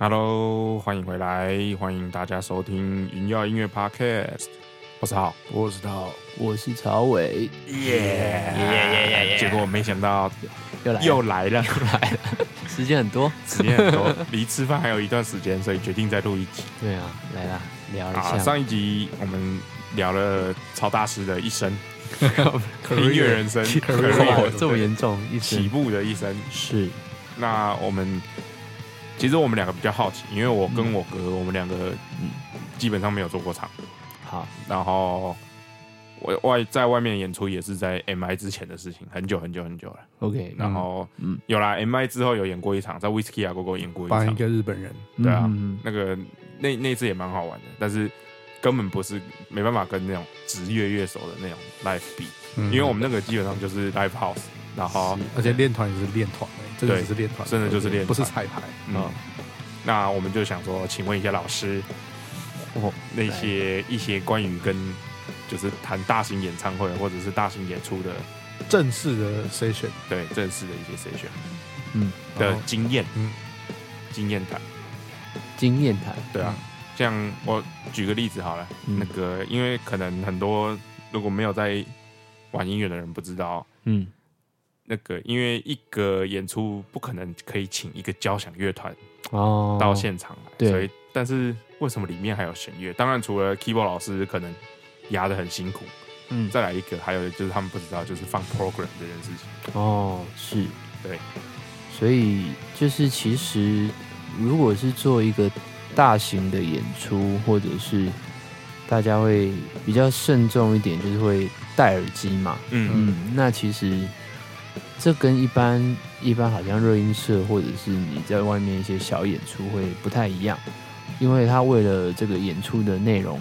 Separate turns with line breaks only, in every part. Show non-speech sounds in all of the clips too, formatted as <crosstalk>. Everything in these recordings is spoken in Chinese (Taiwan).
Hello，歡迎回來，歡迎大家收聽《雲耀音樂 Podcast》。我是浩，我是濤，我是曹偉。耶耶耶耶！結果沒想到
又來，又來
了，又來了，時間很多，時間很多，離吃飯還有一段時間，所以決定再錄一集。對啊，來了，聊了一下。啊，上一集我們聊了曹大師的一生， <laughs> 音樂人生，結 <laughs> 樂這麼嚴重，對一聲起步的一生是。那我們。其實我們兩個比較好奇，因為我跟我哥，嗯、我們兩個基本上沒有做過場。好、嗯，然後我外在外面演出也是在 M I 之前的事情，很久很久很久了。OK，然後嗯，有啦 M I 之後有演過一場，在 Whisky 阿哥哥演過一場。扮一個
日本人，對啊，嗯、
那個那那次也蠻好玩的，但是根本不是沒辦法跟那種職業樂手的那種 live 比，因為我們那個基本上就是 live house、嗯。嗯然後，而且
練團也是練團真的是練團，真的就是練，不是彩排
嗯，那我們就想說，請問一下老師，
哦，那些
一些關於跟就是談大型演唱會或者是大型演出的
正式的 session，
對正式的一些 session，嗯的經驗，嗯，經驗談，
經驗談，對啊。
像我舉個例子好了，那個因為可能很多如果沒有在玩音樂的人不知道，嗯。那個，因為一個演出不可能可以請一個交響樂團哦到現場來，哦、對所以，但是為什麼裡面還有弦樂？當然，除了 keyboard 老師可能壓得很辛苦，嗯，再來一個，還有就是他們不知道就是放 program 這件事情
哦，是，對，所以就是其實如果是做一個大型的演出，或者是大家會比較慎重一點，就是會戴耳機嘛，嗯嗯，那其實。這跟一般一般好像熱音社，或者是你在外面一些小演出會不太一樣，因為他為了這個演出的內容，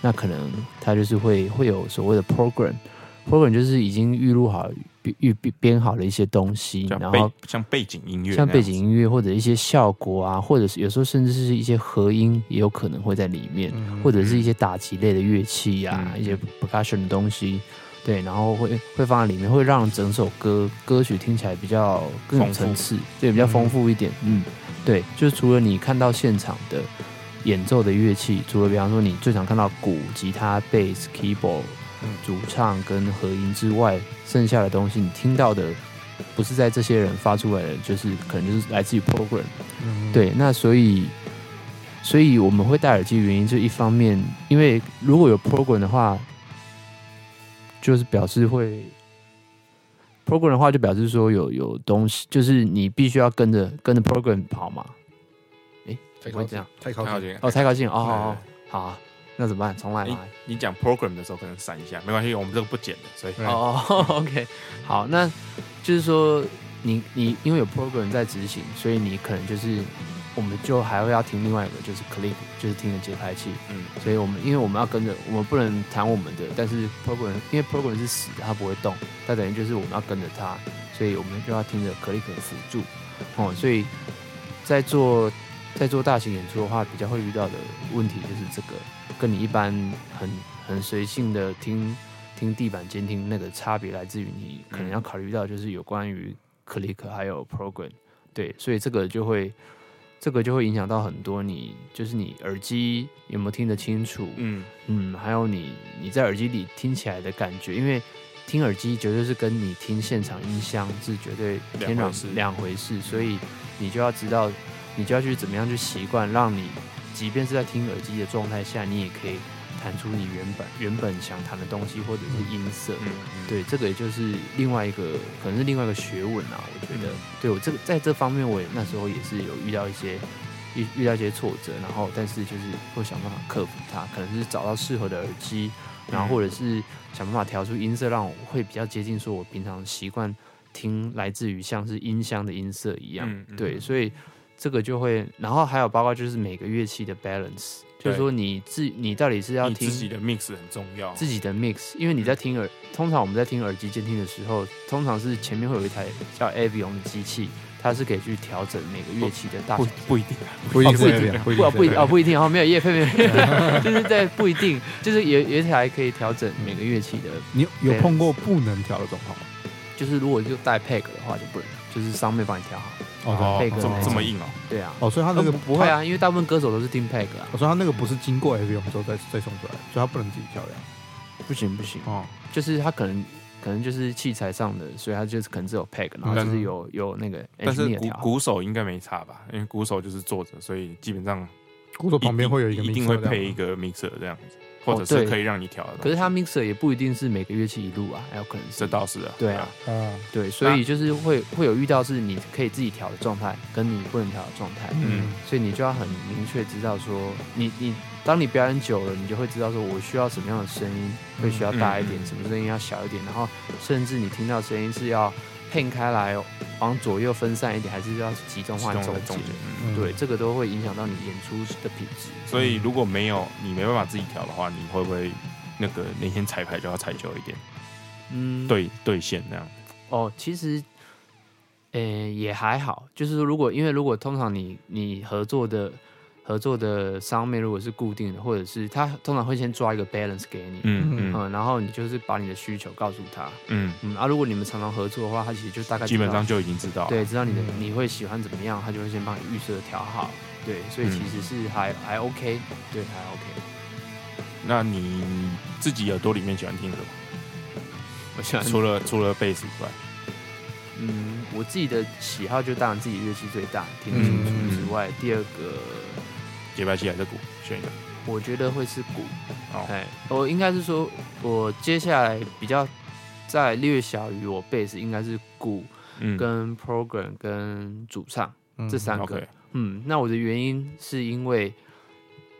那可能他就是會會有所謂的 program，program program 就是已經預錄好，預,預編好了一些東西，像背，然後
像背景音樂，像背
景音樂或者一些效果啊，或者是有時候甚至是一些合音也有可能會在裡面，嗯，或者是一些打擊類的樂器呀，啊，嗯、一些 percussion 的東西。對，然後會會放在裡面，會讓整首歌歌曲聽起來比較更有層次，對富，比較豐富一點。嗯，嗯，對，就是除了你看到現場的演奏的樂器，除了比方說你最常看到鼓、吉他、貝斯、keyboard、嗯、主唱跟合音之外，剩下的東西你聽到的不是在這些人發出來的，就是可能就是來自於 program。嗯、對，那所以所以我們會戴耳機的原因，就一方面，因為如果有 program 的話。就是表示會。program 的話，就表示說有有東西，就是你必須要跟着跟着 program 跑嘛、欸這樣。誒，太高興，太高興，哦，太高興哦、嗯、好，那怎麼辦？重來嘛。你講 program 的時候可能閃一下，沒關係，我們這個不剪的，所以哦，OK，好，那就是說你你因為有 program 在執行，所以你可能就是。我們就還會要聽另外一個，就是 click，就是聽的節拍器。嗯，所以我們因為我們要跟着，我們不能彈我們的，但是 program，因為 program 是死的，它不會動，它等於就是我們要跟着它，所以我們就要聽着 click 的輔助。哦，嗯，嗯，所以在做在做大型演出的話，比較會遇到的問題就是這個，跟你一般很很隨性的聽聽地板監聽那個差別，來自於你可能要考慮到就是有關於 click 還有 program，嗯。對，所以這個就會。這個就會影響到很多你，你就是你耳機有沒有聽得清楚？嗯嗯，還有你你在耳機裡聽起來的感覺，因為聽耳機絕對是跟你聽現場音箱是絕對天兩回事，兩回事。所以你就要知道，你就要去怎麼樣去習慣，讓你即便是在聽耳機的狀態下，你也可以。彈出你原本原本想彈的東西，或者是音色，嗯嗯、對，這個也就是另外一個，可能是另外一個學問啊。我覺得，嗯、對我這個在這方面，我也那時候也是有遇到一些遇遇到一些挫折，然後但是就是會想辦法克服它，可能是找到適合的耳機，然後或者是想辦法調出音色，讓我會比較接近說我平常習慣聽來自於像是音箱的音色一樣，嗯嗯、對，所以這個就會，然後還有包括就是每個樂器的 balance。就是說，你自你到底是要聽自己的 mix 很重要，自己的 mix，因為你在聽耳，通常我們在聽耳機監聽的時候，通常是前面會有一台叫 Aviom 的機器，它是可以去調整每個樂器的大小。不不一定，不一定，不不一啊不一定哦，沒有業配，就是在不一定，就是有一台可以調整每個樂器的。你有碰過不能調的狀況嗎？就是如果就帶 pack 的話就不能，就是上面幫你調好。哦,哦，對，怎麼這麼硬哦，對啊，哦，所以他那個不會啊，因為大部分歌
手都是聽 peg 啊。我說、哦、他那個不是經過混音之後再再送出來，所以他不能自己調的。不行不
行，哦，就是他可能可能就是器材上的，所以他就是可能只有 peg，然後就是有、嗯、有,有那個、H。Er、但是鼓
鼓手應該沒差吧？因為鼓手就是坐着，所以基本上鼓手旁邊會有一個，一定會配一個 mixer 這樣子。或者是可以讓你調的，哦，可是他
mixer 也不一定是每個樂器一路啊，還有可能是。這倒是的。對啊，嗯、對，所以就是會會有遇到是你可以自己調的狀態，跟你不能調的狀態，嗯，所以你就要很明確知道說，你你當你表演久了，你就會知道說我需要什麼樣的聲音，會需要大一點，嗯、什麼聲音要小一點，然後甚至你聽到聲音是要。配開來，往左右分散一點，還是要集中化收集？的間嗯、對，嗯、這個都會影響到你演出的品質。所
以如果沒有你沒辦法自己調的話，你會不會那個那天彩排就要踩久一點？嗯，對對現那樣。
哦，其實，誒、呃，也還好。就是說，如果因為如果通常你你合作的。合作的商面，如果是固定的，或者是他通常會先抓一個 balance 給你，嗯嗯，嗯，然後你就是把你的需求告訴他，嗯嗯，啊，如果你們常常合作的話，他其實就大概基本上就已經知道，對，知道你的你會喜歡怎麼樣，他就會先幫你預設調好，對，所以其實是還、嗯、還 OK，對，還 OK。
那你自己耳朵裡面喜
歡聽什麼？
我現在除了除了貝斯以外，
嗯，來我自己的喜好就當然自己樂器最大聽清楚之外，嗯嗯、第二個。節拍器還是鼓，選一個。我覺得會是鼓。哦。哎，我應該是說，我接下來比較在略小於我 Bass，應該是鼓、跟 program、跟主唱、嗯嗯、這三個。Okay. 嗯。那我的原因是因為，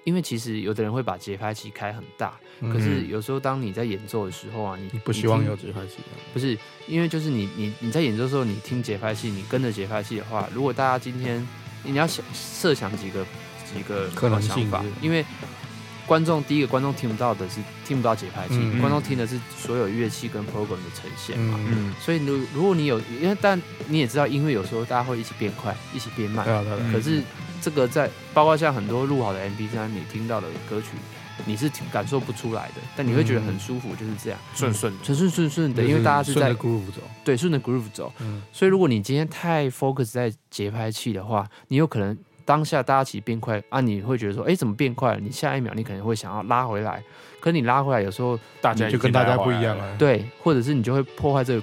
因為其實有的人會把節拍器開很大，嗯、可是有時候當你在演奏的時候啊，你，你不希望有節拍器。啊，不是，因為就是你你你在演奏的時候，你聽節拍器，你跟着節拍器的話，如果大家今天你要想設想幾個。一個想法可能性吧，因為觀眾第一個觀眾聽不到的是聽不到節拍器，嗯嗯觀眾聽的是所有樂器跟 program 的呈現嘛。嗯，嗯，所以如如果你有，因為但你也知道，音樂有時候大家會一起變快，一起變慢。嗯嗯，可是這個在包括像很多錄好的 MV，雖然你聽到的歌曲你是感受不出來的，但你會覺得很舒服，就是這樣順順順順順順的，因為大家是在 groove 走，對，順着 groove 走。嗯。所以如果你今天太 focus 在節拍器的話，你有可能。當下大家其實變快啊，你會覺得說，哎、欸，怎麼變快了？你下一秒你可能會想要拉回來，可是你拉回來有時候大家就跟大家不一樣了，對，或者是你就會破壞這個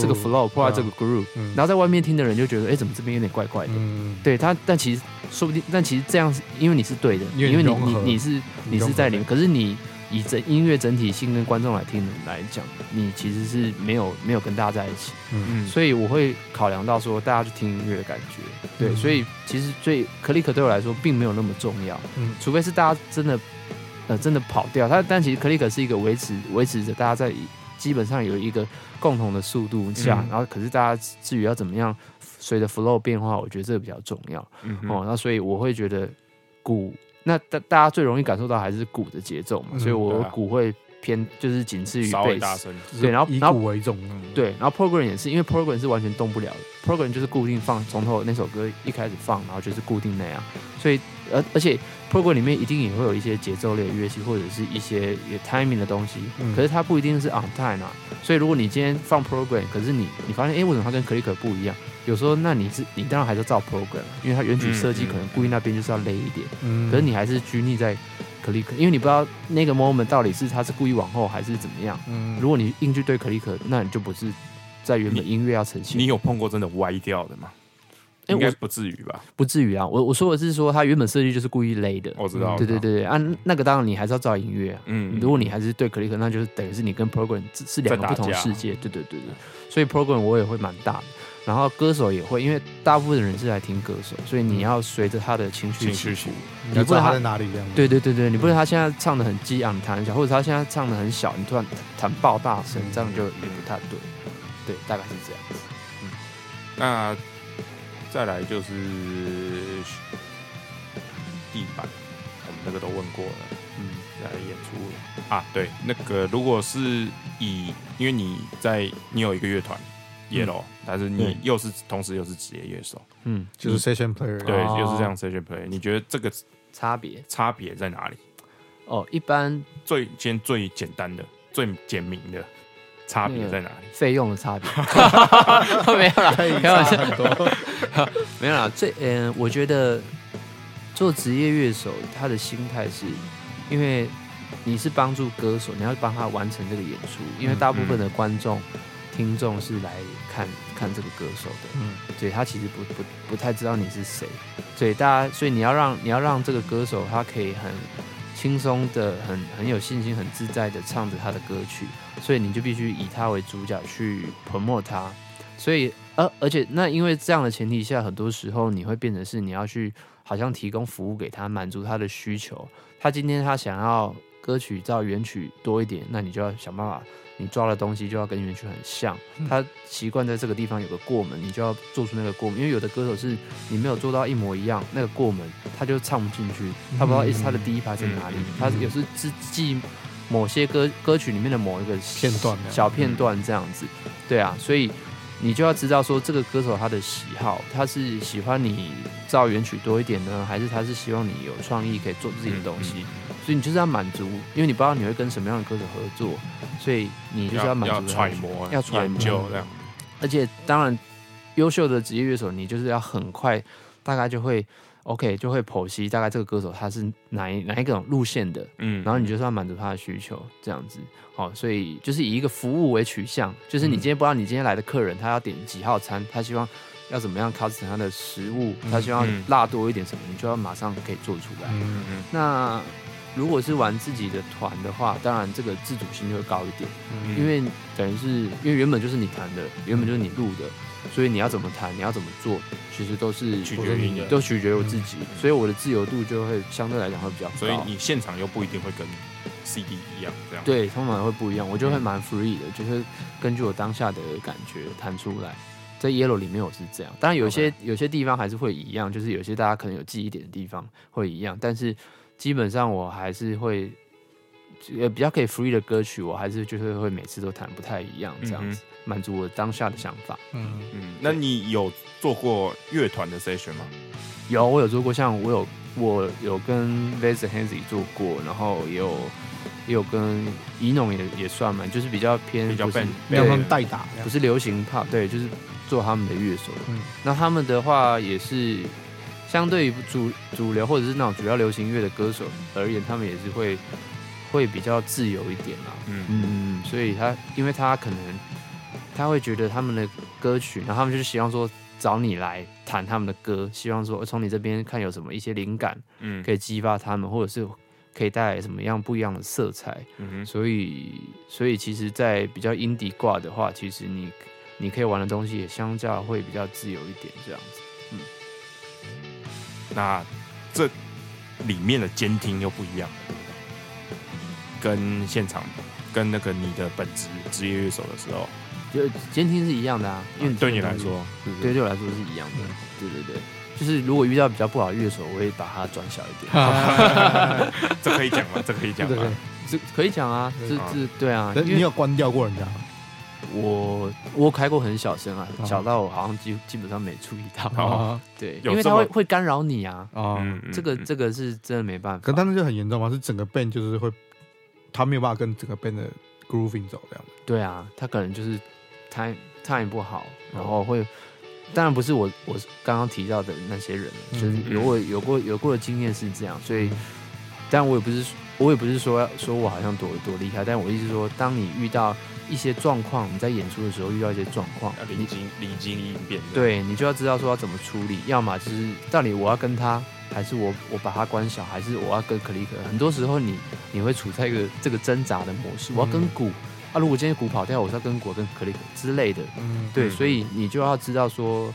這個 flow，Good, 破壞這個 groove，然後在外面聽的人就覺得，哎、欸，怎麼這邊有點怪怪的？嗯、對他，但其實說不定，但其實這樣子，因為你是對的，因為你因為你你,你是你是在裡面，可是你。以整音樂整體性跟觀眾來聽來講，你其實是沒有沒有跟大家在一起，嗯嗯，所以我會考量到說大家去聽音樂的感覺，對，嗯嗯，所以其實最 Click 對我來說並沒有那麼重要，嗯，除非是大家真的呃真的跑掉，他但其實 Click 是一個維持維持着大家在基本上有一個共同的速度下，嗯嗯，然後可是大家至於要怎麼樣隨着 flow 變化，我覺得這個比較重要，嗯、哼哦，那所以我會覺得鼓。那大大家最容易感受到還是鼓的節奏嘛，嗯、所以我鼓會偏就是僅次於貝斯，就是，對，然後以鼓為重，對，然後 program 也是，因為 program 是完全動不了的，program 就是固定放從頭那首歌一開始放，然後就是固定那樣，所以而而且 program 裡面一定也會有一些節奏類樂器或者是一些也 timing 的東西，嗯、可是它不一定是 on time 啊，所以如果你今天放 program，可是你你發現哎，欸，為什麼它跟 click 不一樣？有時候，那你是你當然還是要照 program，因為它原曲設計可能故意那邊就是要勒一點，嗯嗯、可是你還是拘泥在 click，因為你不知道那個 moment 到底是他是故意往後還是怎麼樣。嗯、如果你硬去對 click 那你就不是在原本音樂要呈現你。你有碰過真的歪掉的嗎？
欸、應該
不至於吧？不至於啊！我我說的是說他原本設計就是故意勒的。我知道。對對對對、嗯啊，那個當然你還是要照音樂啊。嗯。如果你還是對 click 那就是等於是你跟 program 是兩個不同世界。對對對，所以 program 我也會蠻大的。然後歌手也會，因為大部分人是來聽歌手，所以你要隨着他的情緒起伏。情緒情緒你不知道他在哪裡對對對對，嗯、你不知道他現在唱的很激昂，彈很小，或者他現在唱的很小，你突然彈爆大聲，嗯、這樣就也不太對。嗯、對，大概是這樣子。
嗯，那再來就是地板，我們這個都問過了。嗯，來演出了啊？對，那個如果是以，因為你在你有一個樂團。Yellow，但是你又是，是同時又是職業樂手，嗯，就是 session player，對，哦、又是這樣 session player，你覺得這個差別差別在哪裡？哦，一般最先最簡單的、最
簡明的差別在哪裡？費用的差別，沒有啦，開玩笑，沒有啦。最嗯，我覺得做職業樂手，他的心態是因為你是幫助歌手，你要幫他完成這個演出，因為大部分的觀眾、嗯嗯、聽眾是來看看這個歌手的，嗯，對，他其實不不不太知道你是誰，所以大家，所以你要讓你要讓這個歌手，他可以很輕鬆的、很很有信心、很自在的唱着他的歌曲，所以你就必須以他為主角去 promote 他，所以而、呃、而且那因為這樣的前提下，很多時候你會變成是你要去好像提供服務給他，滿足他的需求，他今天他想要。歌曲照原曲多一點，那你就要想辦法，你抓的東西就要跟原曲很像。他習慣在這個地方有個過門，你就要做出那個過門。因為有的歌手是，你沒有做到一模一樣，那個過門他就唱不進去，他不知道意思。他的第一拍在哪裡。他有時是記某些歌歌曲裡面的某一個片段，小片段這樣子。對啊，所以。你就要知道說這個歌手他的喜好，他是喜歡你照原曲多一點呢，還是他是希望你有創意可以做自己的東西？嗯，所以你就是要滿足，因為你不知道你會跟什麼樣的歌手合作，所以你就是要滿足揣摩、要揣摩，要揣摩這樣。而且當然，優秀的職業樂手，你就是要很快，大概就會。OK，就會剖析大概這個歌手他是哪一哪一種路線的，嗯，然後你就算滿足他的需求，這樣子，好、哦，所以就是以一個服務為取向，就是你今天、嗯、不知道你今天來的客人他要點幾號餐，他希望要怎麼樣 customize 他的食物，嗯、他希望辣多一點什麼，你就要馬上可以做出來。嗯嗯嗯、那如果是玩自己的團的話，當然這個自主性就會高一點，嗯、因為等於是因為原本就是你彈的，原本就是你錄的。所以你要怎麼彈，你要怎麼做，其實都是取決於你，都取決於我自己。嗯、所以我的自由度就會相對來講會比較高。所以你現場又不一定會跟 CD 一樣，這樣對，通常會不一樣。我就會蠻 free 的，嗯、就是根據我當下的感覺彈出來。在 Yellow 裡面我是這樣，當然有些 Okay. 有些地方還是會一樣，就是有些大家可能有記憶點的地方會一樣，但是基本上我還是會。呃，也比較可以 free 的歌曲，我還是就是會每次都彈不太一樣這樣子，滿、嗯、足我當下的想法。嗯嗯，那你有
做過樂團的 session 嗎？
有，我有做過，像我有我有跟 Vast、er、Hazy 做過，然後也有、嗯、也有跟宜、e、農、no、也也算嘛，就是比較偏比較 band，被他們代打，不是流行 pop，對，就是做他們的樂手的。嗯、那他們的話也是相對於主主流或者是那種主要流行樂的歌手而言，他們也是會。會比較自由一點嘛，啊，嗯嗯嗯，所以他，因為他可能他會覺得他們的歌曲，然後他們就是希望說找你來彈他們的歌，希望說從你這邊看有什麼一些靈感，嗯，可以激發他們，或者是可以帶來什麼樣不一樣的色彩，嗯哼所以所以其實，在比較 indie 掛的話，其實你你可以玩的東西也相較會比較自由一點，這樣子，嗯，那這裡
面的監聽又不一樣了。跟現場，跟那個你的
本職職業樂手的時候，就監聽是一樣的啊。因為對你來說，對對我來說是一樣的。對對對，就是如果遇到比較不好的樂手，我會把它轉小一點。這可以講嗎？這可以講嗎？這可以講啊！這這，對啊。你有關掉過人家嗎？我我開過很小聲啊，小到我好像基基本上沒注意到。啊，對，因為它會會干擾你啊。啊，這個這個是真的沒辦法。可
但是就很嚴重啊，是整個 band 就是會。他沒有辦法跟整個 band 的 grooving 走這樣。
對啊，他可能就是 time time 不好，然後會，當然不是我我剛剛提到的那些人，嗯、就是有過有過有過的經驗是這樣，所以，嗯、但我也不是我也不是說說我好像多多厲害，但我意思是說，當你遇到一些狀況，你在演出的時候遇到一些狀況，臨機，臨你機應變，對你就要知道說要怎麼處理，要麼就是到底我要跟他，還是我我把他關小，還是我要跟 Click。很多時候你你會處在一個這個掙扎的模式，我要跟鼓、嗯、啊，如果今天鼓跑掉，我是要跟鼓跟 Click 之類的，嗯，對，嗯、所以你就要知道說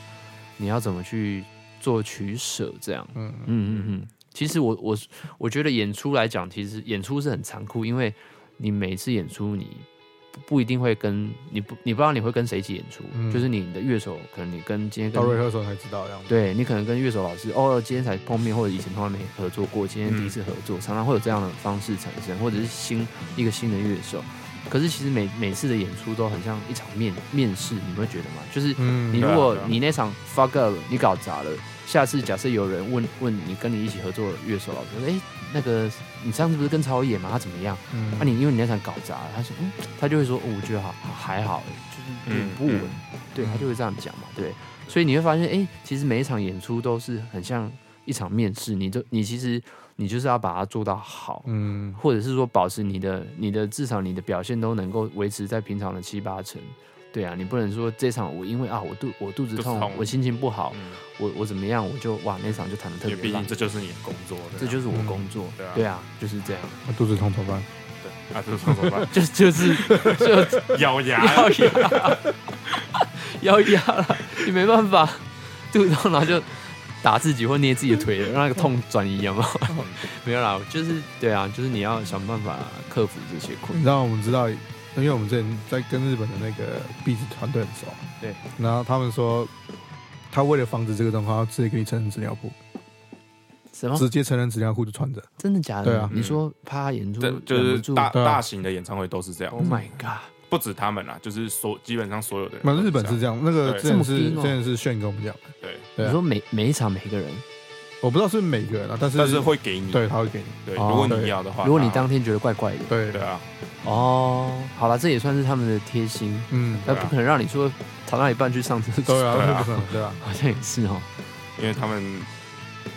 你要怎麼去做取捨，這樣，嗯嗯嗯嗯，其實我我我覺得演出來講，其實演出是很殘酷，因為你每次演出你。不一定會跟你不你不知道你會跟誰一起演出，嗯、就是你，你的樂手可能你跟今天到 rehearsal 才知道這樣子，對，你可能跟樂手老師哦，今天才碰面或者以前從來沒合作過，今天第一次合作，嗯、常常會有這樣的方式產生，或者是新一個新的樂手。可是其實每每次的演出都很像一場面面試，你們會覺得嗎？就是你如果、嗯啊啊、你那場 fuck up 你搞砸了，下次假設有人問問你跟你一起合作的樂手老師，哎，那個。你上次不是跟曹瑋演嗎？他怎麼樣？嗯、啊你，你因為你那場搞砸了，他說，嗯，他就會說，哦、我覺得好還好，就是不穩，對他就會這樣講嘛，對。嗯、所以你會發現，哎、欸，其實每一場演出都是很像一場面試，你就你其實你就是要把它做到好，嗯，或者是說保持你的你的至少你的表現都能夠維持在平常的七八成。對啊，你不能說這場我因為啊，我肚我肚子痛，我心情不好，我我怎麼樣，我就哇那場就彈得特別爛。畢竟這就是
你的工作，這就是我工作。對啊，就是
這樣。肚子痛怎麼辦？對啊，肚子痛怎麼辦？就就是就咬牙，咬牙，咬牙了，你沒辦法。肚子痛然後就打自己或捏自己的腿，讓那個痛轉移，好嗎？沒有啦，就是對啊，就是你要想辦法克服這些困
難。讓我們知道。因為我們之前在跟日本的那個壁紙團隊很熟，對，然後他們說，他為了防止這個狀況，直接給你成人紙尿布，什麼直接成人紙尿褲就穿着，真的假
的？對啊，你說怕他演出，就是大大
型的演唱會都是這樣。Oh my god！不止他們啦，就是所基本上所有的人，日本是這樣。那個真的是真的
是炫
更這樣，
對，你說每每一場每一個人。我不知道是不是每個人啊，但是但是會給你，對，他會給你，對，如果你要的話，如果你當天覺得怪怪的，對對啊，哦，好了，這也算是他們的貼心，嗯，那不可能讓你說吵到一半去上廁所，都有啊，對啊，好像也是哦，
因為他們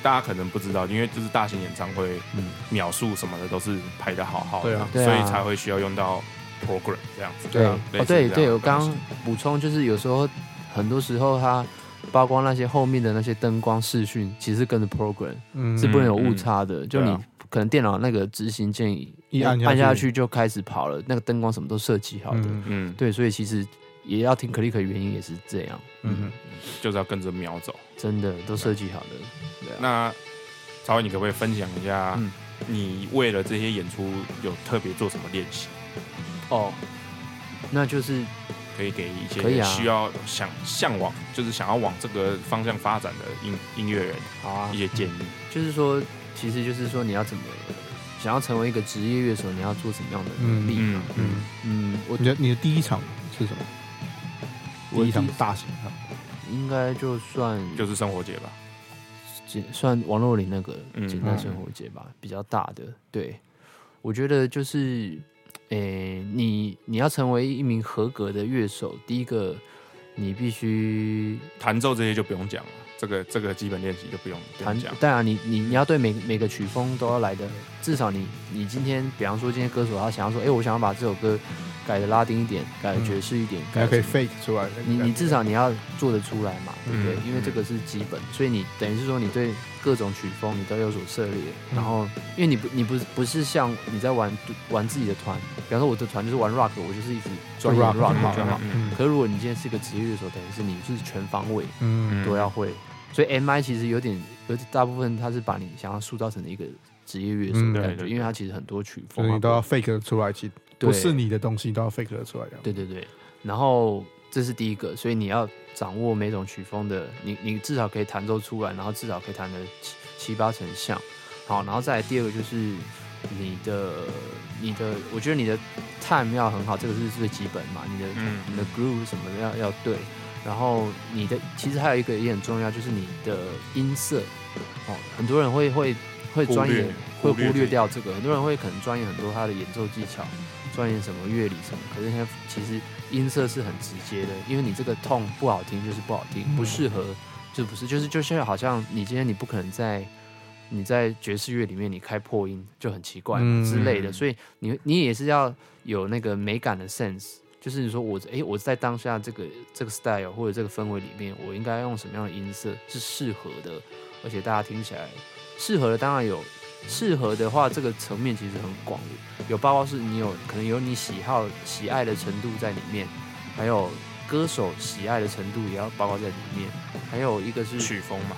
大家可能不知道，因為就是大型演唱會，嗯，秒數什麼的都是排的好好的，對啊，所以才會需要用到 program 這樣子，對，對對，我剛
補充就是有時候很多時候他。包括那些後面的那些燈光視訊，其實跟着 program 是不能有誤差的。就你可能電腦那個執行建議一按下去就開始跑了，那個燈光什麼都設計好的。嗯，對，所以其實也要聽可 c k 的原因也是這樣。
嗯，就是要跟着秒走，
真的都設計好的。那
超偉，你可不可以分享一下，你為了這些演出有特別做什麼練習？哦，
那就是。
可以給一些需要想可以、啊、嚮往，就是想要往這個方向發展的音音樂人，啊一些建議、嗯。
就是說，其實就是說，你要怎麼想要成為一個職業樂手，你要做什麼樣的努力呢？嗯嗯，嗯，
我，我覺得你的第一場是什麼？第一場
大型應該就算就是生活節吧，簡算王若琳那個簡單生活節吧，嗯嗯、比較大的。對，我覺得就是。誒，你你要成為一名合格的樂手，第一個，你必須彈奏這些就不用講了，這個這個基本練習就不用談彈講了。當然、啊，你你你要對每每個曲風都要來的，至少你你今天，比方說今天歌手他想要說，哎，我想要把這首歌。改的拉丁一點，改的爵士一點，改可以 fake 出來。你你至少你要做得出來嘛，對不對？因為這個是基本，所以你等於是說，你對各種曲風你都有所涉獵。然後，因為你不你不不是像你在玩玩自己的團，比方說我的團就是玩 rock，我就是一直轉 rock rock 轉轉。可如果你今天是一個職業的時候，等於是你就是全方位都要會。所以 mi 其實有點，而且大部分它是把你想要塑造成的一個職業樂手的感覺，因為它其實很多曲風你都要
fake 出來去。對不是你的東西都要 fake
出來的。對對對，然後這是第一個，所以你要掌握每種曲風的，你你至少可以彈奏出來，然後至少可以彈的七七八成像。好，然後再來第二個就是你的你的，我覺得你的 time 要很好，這個是最基本嘛。你的、嗯、你的 groove 什麼要要對，然後你的其實還有一個也很重要，就是你的音色。哦，很多人會會會鑽研，忽會忽略掉這個。很多人會可能鑽研很多他的演奏技巧。鑽研什麼樂理什麼，可是它其實音色是很直接的，因為你這個 tone 不好聽就是不好聽，不適合就不是，就是就是好像你今天你不可能在你在爵士樂裡面你開破音就很奇怪之類的，所以你你也是要有那個美感的 sense，就是你說我誒，欸、我在當下這個這個 style 或者這個氛圍裡面，我應該用什麼樣的音色是適合的，而且大家聽起來適合的當然有。適合的話，這個層面其實很廣，有包括是你有可能有你喜好喜愛的程度在裡面，還有歌手喜愛的程度也要包括在裡面，還有一個是曲風嘛，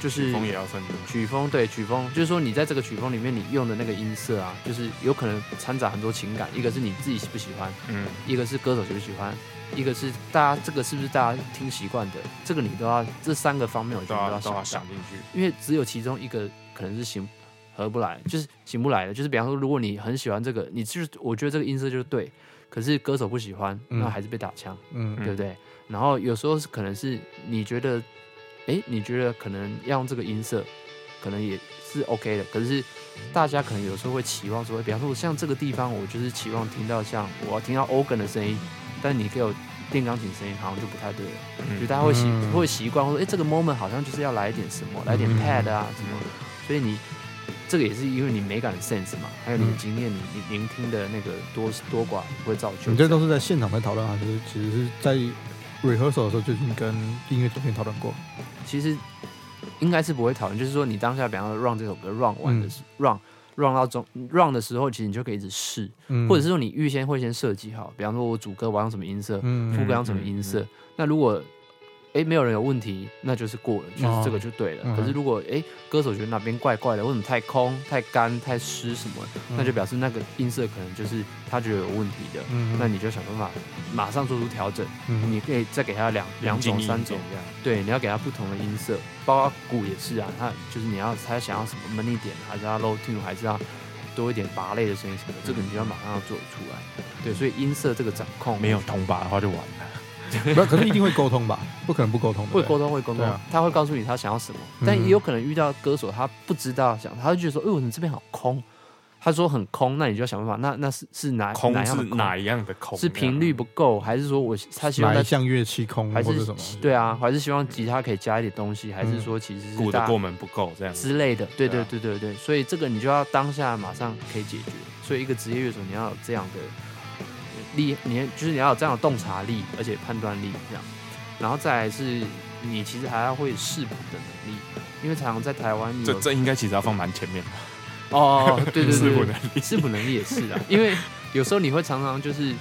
就是曲風也要分的。曲風對曲風，就是說你在這個曲風裡面，你用的那個音色啊，就是有可能摻雜很多情感。一個是你自己喜不喜歡，嗯，一個是歌手喜不喜歡，一個是大家這個是不是大家聽習慣的，這個你都要這三個方面我覺得都要想進去，因為只有其中一個可能是行，合不來就是醒不來的，就是比方說，如果你很喜歡這個，你就是我覺得這個音色就對，可是歌手不喜歡，那還是被打槍，嗯，對不對？然後有時候是可能是你覺得，哎、欸，你覺得可能要用這個音色，可能也是 OK 的，可是大家可能有時候會期望說，比方說，我像這個地方，我就是期望聽到像我要聽到 organ 的聲音，但你可有電鋼琴聲音好像就不太對了，嗯、就大家會習會習慣說，哎、欸，這個 moment 好像就是要來一點什麼，來點 pad 啊、嗯、什麼的，所以你。這個也是因為你美感的 sense 嘛，還有你的經驗，你你聆聽的那個多多寡不會造就。你這都
是在現場在討論啊，還是其實是在 rehearsal 的時候就已經跟音樂總監討論過？
其實應該是不會討論，就是說你當下比方說 run 這首歌，run 完的時、嗯、run，run 到中 run 的時候，其實你就可以一直試，嗯、或者是說你預先會先設計好，比方說我主歌我要用什麼音色，嗯嗯嗯嗯嗯，副歌要用什麼音色，嗯嗯嗯，那如果。哎，沒有人有問題，那就是過了，就是這個就對了。嗯哦、可是如果哎，歌手覺得那邊怪怪的，為什麼太空太乾太濕什麼，嗯、那就表示那個音色可能就是他覺得有問題的。嗯嗯，那你就想辦法馬，馬上做出調整。嗯嗯，你可以再給他兩兩種三種這樣。對，你要給他不同的音色，包括鼓也是啊。他就是你要他想要什麼悶一點，還是要 low tune，還是要多一點拔類的聲音什麼的，嗯、這個你就要馬上要做出來。對，所以音色這個掌控，沒有銅拔的話就完了。
不，可是一定會溝通吧？不可能不溝
通。會溝通，會溝通。對啊，他會告訴你他想要什麼，但也有可能遇到歌手他不知道想，他會覺得說：“哎，你這邊好空。”他說很空，那你就要想辦法。那那是是哪哪樣哪
一樣的空？是頻
率不夠，還是說我他喜歡他像
樂器空，還是什
麼？對啊，還是希望吉他可以加一點東西，還是說其實是鼓的過門不夠這樣之類的？對對對對對，所以這個你就要當下馬上可以解決。所以一個職業樂手你要有這樣的。力你就是你要有這樣的洞察力，而且判斷力這樣，然後再來是你其實還要會試譜的能力，因為常常在台灣你，這這應該其實要放蠻前面的哦，對對對，對， <laughs> 試譜能，能力也是啊，因為有時候你會常常就是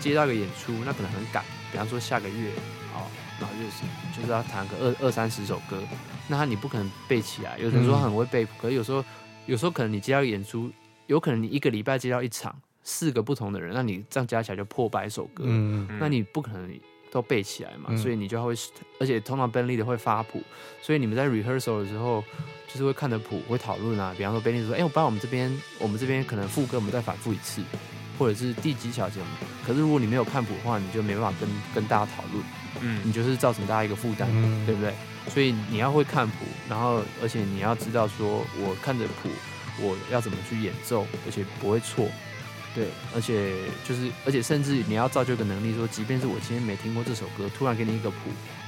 接到個演出，那可能很趕，比方說下個月哦，然後就是就是要彈個二二三十首歌，那他你不可能背起來，有人說很會背，嗯、可是有時候有時候可能你接到個演出，有可能你一個禮拜接到一場。四個不同的人，那你這樣加起來就破百首歌，嗯嗯、那你不可能都背起來嘛，嗯、所以你就會，而且通常 Ben 的會發譜，所以你們在 rehearsal 的時候就是會看著譜，會討論啊。比方說 Ben 說：“哎，我幫我們這邊，我們這邊可能副歌我們再反覆一次，或者是第幾小節。”可是如果你沒有看譜的話，你就沒辦法跟跟大家討論，
嗯，你就
是造成大家一個負擔，嗯、對不對？所以你要會看譜，然後而且你要知道說，我看着譜，我要怎麼去演奏，而且不會錯。對，而且就是，而且甚至你要造就一個能力說，說即便是我今天沒聽過這首歌，突然給你一個譜，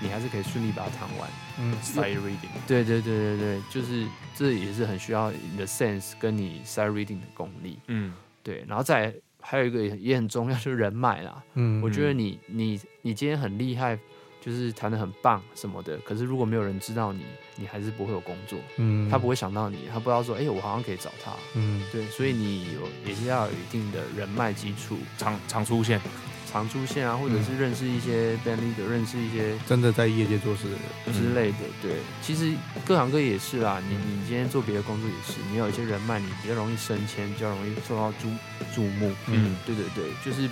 你還是可以順利把它彈完。嗯，sight reading。對對對對對，就是這也是很需要你的 sense 跟你 sight reading 的功力。嗯，對，然後再還有一個也很，也很重要，就是人脈啦。嗯，嗯，我覺得你你你今天很厲害。就是談得很棒什麼的，可是如果沒有人知道你，你還是不會有工作。嗯，他不會想到你，他不知道說，哎、欸，我好像可以找他。嗯，對，所以你也是要有一定的人脈基礎，常常出現，常出現啊，或者是認識一些 band 裡的，嗯、認識一些真的在業界做事的人之類的。嗯、對，其實各行各業也是啦、啊，你你今天做別的工作也是，你有一些人脈，你比較容易升遷，比較容易受到注注目。嗯，嗯對對對，就是，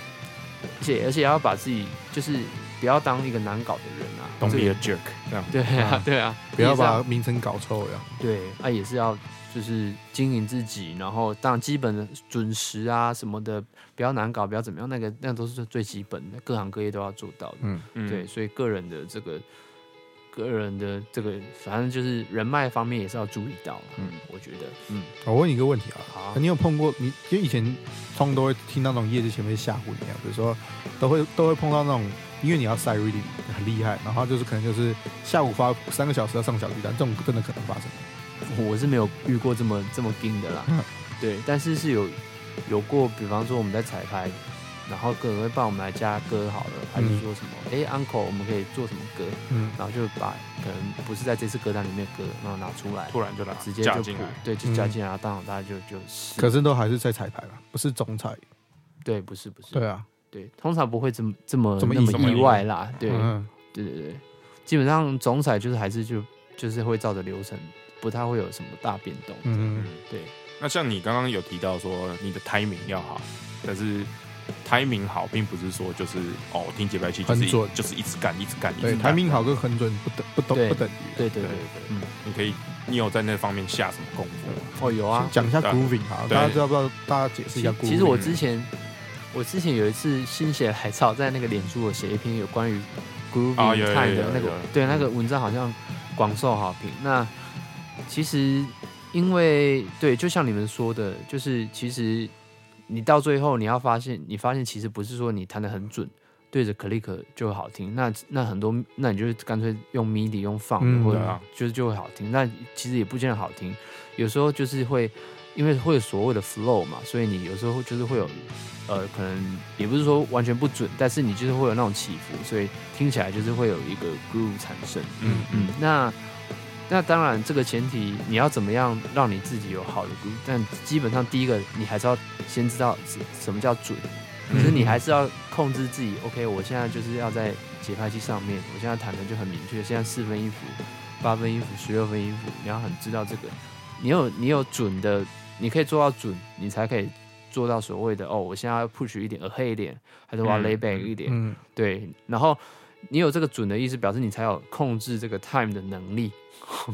而且而且要把自己就是。不要當一個難搞的人啊！Don't、這個、be a jerk，這樣。對啊，對啊，不、啊啊、要把名稱搞錯了對，他、啊、也是要就是經營自己，然後當基本的準時啊什麼的，比較難搞，比較怎麼樣，那個那個、都是最基本的，各行各業都要做到的。嗯嗯。對，所以個人的這個，個人的這個，反正就是人脈方面也是要注意到、啊、嗯，我覺得，
嗯，我問你一個問題啊，好你有碰過？你因為以前通常都會聽到那種業者前面嚇唬你啊，比如說都會都會碰到那種。因為你要塞 r e ready 很厲害，然後他就是可能就是下午發
三個小時要上小巨蛋，這種真的可能發生。我是沒有遇過這麼這麼硬的啦。嗯、對，但是是有有過，比方說我們在彩排，然後個人會幫我們來加歌，好了，還是說什麼？哎、嗯、，uncle，我們可以做什麼歌？嗯。然後就把可能不是在這次歌單裡面歌，然後拿出來，突然就來，直接就進來，對，就加進來，嗯、然後當然，大家就就。可
是都還是在彩排啦，不是總彩。
對，不是不是。對啊。對，通常不會這麼這麼那麼意外啦。對，對對對，基本上總彩就是還是就就是會照着流程，不太會有什麼大變動。嗯對。那像
你剛剛有提到說你的 timing 要好，但是 timing 好並不是說就是哦聽節拍器就是就是一直幹一直幹。對，timing 好
跟很準不等不等不等於。對對對對，
嗯，你可以你有在那方面下什麼功夫
嗎？哦有啊，講一下 grooving 好，大家知不知道？大家解釋一下 grooving。其實我之前。我之前有一次心血來潮，在那個臉書我寫一篇有關於 Groove Time 的那個，對那個文章好像廣受好評。嗯、那其實因為對，就像你們說的，就是其實你到最後你要發現，你發現其實不是說你彈得很準，對着 Click 就會好聽。那那很多，那你就乾脆用 MIDI 用放、嗯，或者就是就會好聽。嗯、那其實也不見得好聽，有時候就是會。因為會有所謂的 flow 嘛，所以你有時候就是會有，呃，可能也不是說完全不準，但是你就是會有那種起伏，所以聽起來就是會有一個 groove 產生。嗯嗯，嗯那那當然這個前提你要怎麼樣讓你自己有好的 groove，但基本上第一個你還是要先知道什麼叫準，就是你還是要控制自己。嗯、OK，我現在就是要在節拍器上面，我現在彈的就很明確，現在四分音符、八分音符、十六分音符，你要很知道這個，你有你有準的。你可以做到準，你才可以做到所謂的哦，我現在要 push 一點，呃，ahead 一點，還是我要 lay back 一點，嗯，對。然後你有這個準的意思，表示你才有控制這個 time 的能力，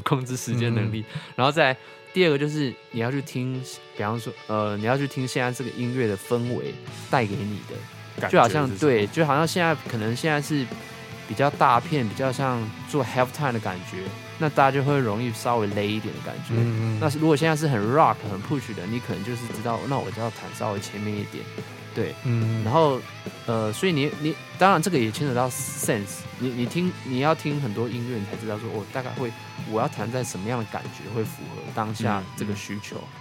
控制時間能力。嗯嗯，然後再第二個就是你要去聽，比方說呃，你要去聽現在這個音樂的氛圍帶給你的，就好像對，就好像現在可能現在是比較大片，比較像做 half time 的感覺。那大家就會容易稍微勒一點的感覺。嗯嗯。那是如果現在是很 rock 很 push 的，你可能就是知道，那我就要彈稍微前面一點。對。嗯嗯。然後，呃，所以你你當然這個也牽扯到 sense。你你聽你要聽很多音樂，你才知道說，我、哦、大概會我要彈在什麼樣的感覺會符合當下這個需求，嗯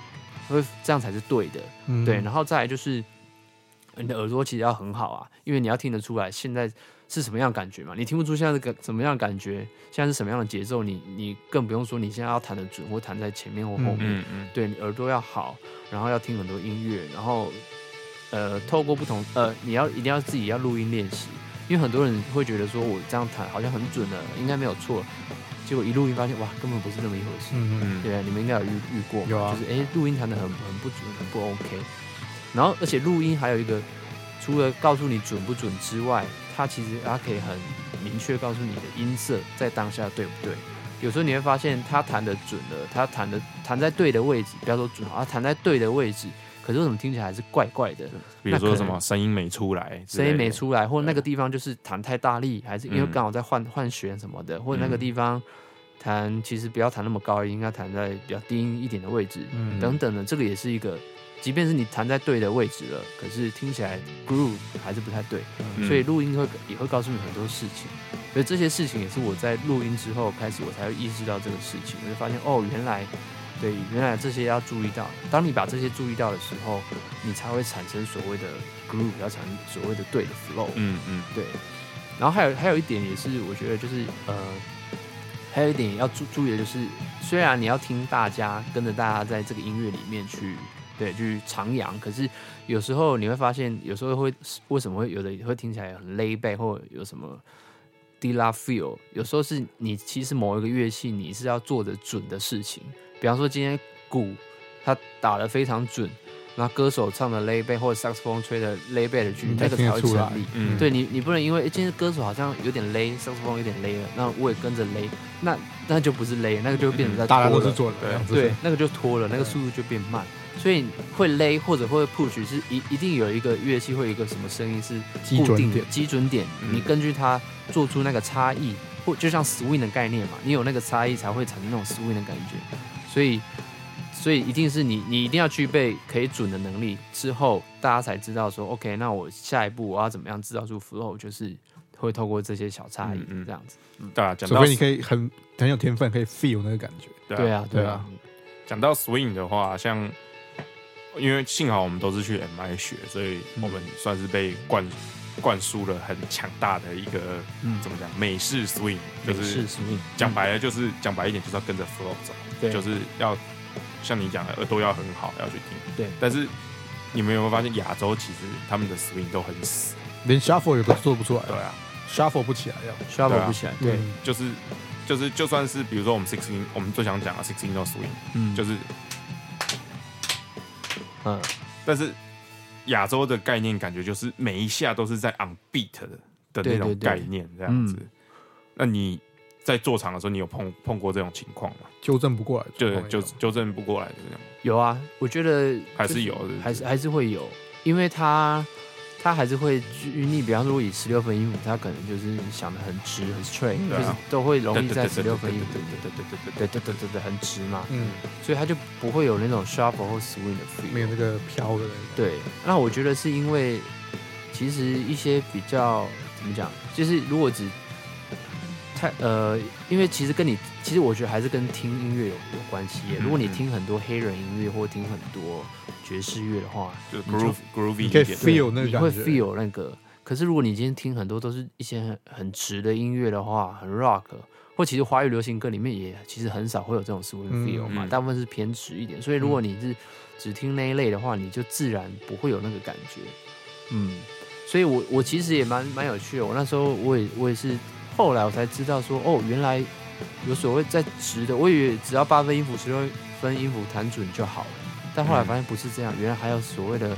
嗯。會這樣才是對的。嗯嗯。對。然後再來就是你的耳朵其實要很好啊，因為你要聽得出來現在。是什麼樣感覺嘛？你聽不出現在是個什麼樣的感覺，現在是什麼樣的節奏？你你更不用說，你現在要彈的準，或彈在前面或後面，嗯嗯嗯對，你耳朵要好，然後要聽很多音樂，然後呃，透過不同呃，你要一定要自己要錄音練習，因為很多人會覺得說我這樣彈好像很準了，應該沒有錯，結果一錄音發現哇，根本不是那麼一回事。嗯嗯，對，你們應該有遇遇過，有啊，就是哎，錄音彈的很很不準，很不 OK，然後而且錄音還有一個，除了告訴你準不準之外，他其實他可以很明確告訴你的音色在當下對不對？有時候你會發現他彈得準了，他彈的彈在對的位置，不要說準，啊，彈在對的位置，可是為什麼聽起來還是怪怪的？比如說什麼
聲音沒出來，聲音沒出
來，對或那個地方就是彈太大力，還是因為剛好在換、嗯、換弦什麼的，或者那個地方彈其實不要彈那麼高音，應該彈在比較低音一點的位置，嗯、等等的，這個也是一個。即便是你彈在對的位置了，可是聽起來 groove 還是不太對，嗯、所以錄音會也會告訴你很多事情。所以這些事情也是我在錄音之後開始，我才會意識到這個事情，我就發現哦，原來對，原來這些要注意到。當你把這些注意到的時候，你才會產生所謂的 groove，要產生所謂的對的 flow 嗯。嗯嗯，對。然後還有還有一點也是我覺得就是呃，還有一點要注注意的就是，雖然你要聽大家跟着大家在這個音樂裡面去。對，去徜徉。可是有時候你會發現，有時候會為什麼會有的會聽起來很勒背，或者有什麼 Dilla feel？有時候是你其實某一個樂器你是要做的準的事情。比方說今天鼓它打得非常準，那歌手唱的勒背，或者 saxophone 吹的勒背的曲，嗯、那個才會成立。嗯。對你，你不能因為今天歌手好像有點勒，saxophone 有點勒了，那我也跟着勒，那那就不是勒，那個就變成在拖了。對，那個就拖了，那個速度就變慢。所以會勒或者會 push 是一一定有一個樂器會有一個什麼聲音是固定的基準點基準點，準點嗯、你根據它做出那個差異，或就像 swing 的概念嘛？你有那個差異才會產生那種 swing 的感覺。所以，所以一定是你你一定要具備可以準的能力之後，大家才知道說 OK，那我下一步我要怎麼樣制造出 flow，就是會透過這些小差異這樣子。嗯嗯嗯、對啊，講到所以你可以
很很有天分，可以 feel 那個感覺。對啊，對啊，對啊。
講、啊、到 swing 的話，像
因為幸好我們都是去 M I 學，所以我們算是被灌灌輸了很強大的一個嗯，怎麼講美式 swing，就是 swing。講白了就是講白一點就是要跟着 flow 走，就是要像你講的耳朵要很好，要去聽。對。但是你們有沒有發現亞洲其實他們的 swing 都很死，
連 shuffle 也都做不出來。對啊，shuffle 不起來要，shuffle 不起來。對，
就是就是就算是比如說我們 sixteen 我們最想講的 sixteen 叫 swing，嗯，就是。嗯，但是亞洲的概念感覺就是每一下都是在 on beat 的的那種概念，這樣子對對對。嗯、那你在做場的時候，你有碰
碰過這種情況嗎？糾正不過來，對就，糾糾
正，正不過來的
有啊，我覺得還是有是是，還是還是會有，因為他。他還是會拘泥，比方說，我以十六分音符，他可能就是想得很直，嗯、很脆 straight、啊、就是都會容易在十六分音符，對對對對對對對對對對，很直嘛，嗯，所以他就不會有那種 shuffle 或 swing 的 feel，沒有那個飄的那種。對，那我覺得是因為，其實一些比較怎麼講，就是如果只。呃，因為其實跟你其實我覺得還是跟聽音樂有有關係耶。嗯、如果你聽很多黑人音樂或聽很多爵士樂的話，就 groove 就 groovy fe 會 feel 那個。可是如果你今天聽很多都是一些很，很直的音樂的話，很 rock，或其實華語流行歌裡面也其實很少會有這種 swing feel 嘛，嗯、大部分是偏直一點。所以如果你是只聽那一類的話，你就自然不會有那個感覺。嗯，所以我我其實也蠻蠻有趣的。我那時候我也我也是。後來我才知道說哦，原來有所謂在直的，我以為只要八分音符十六分音符彈準就好了，但後來發現不是這樣，原來還有所謂的，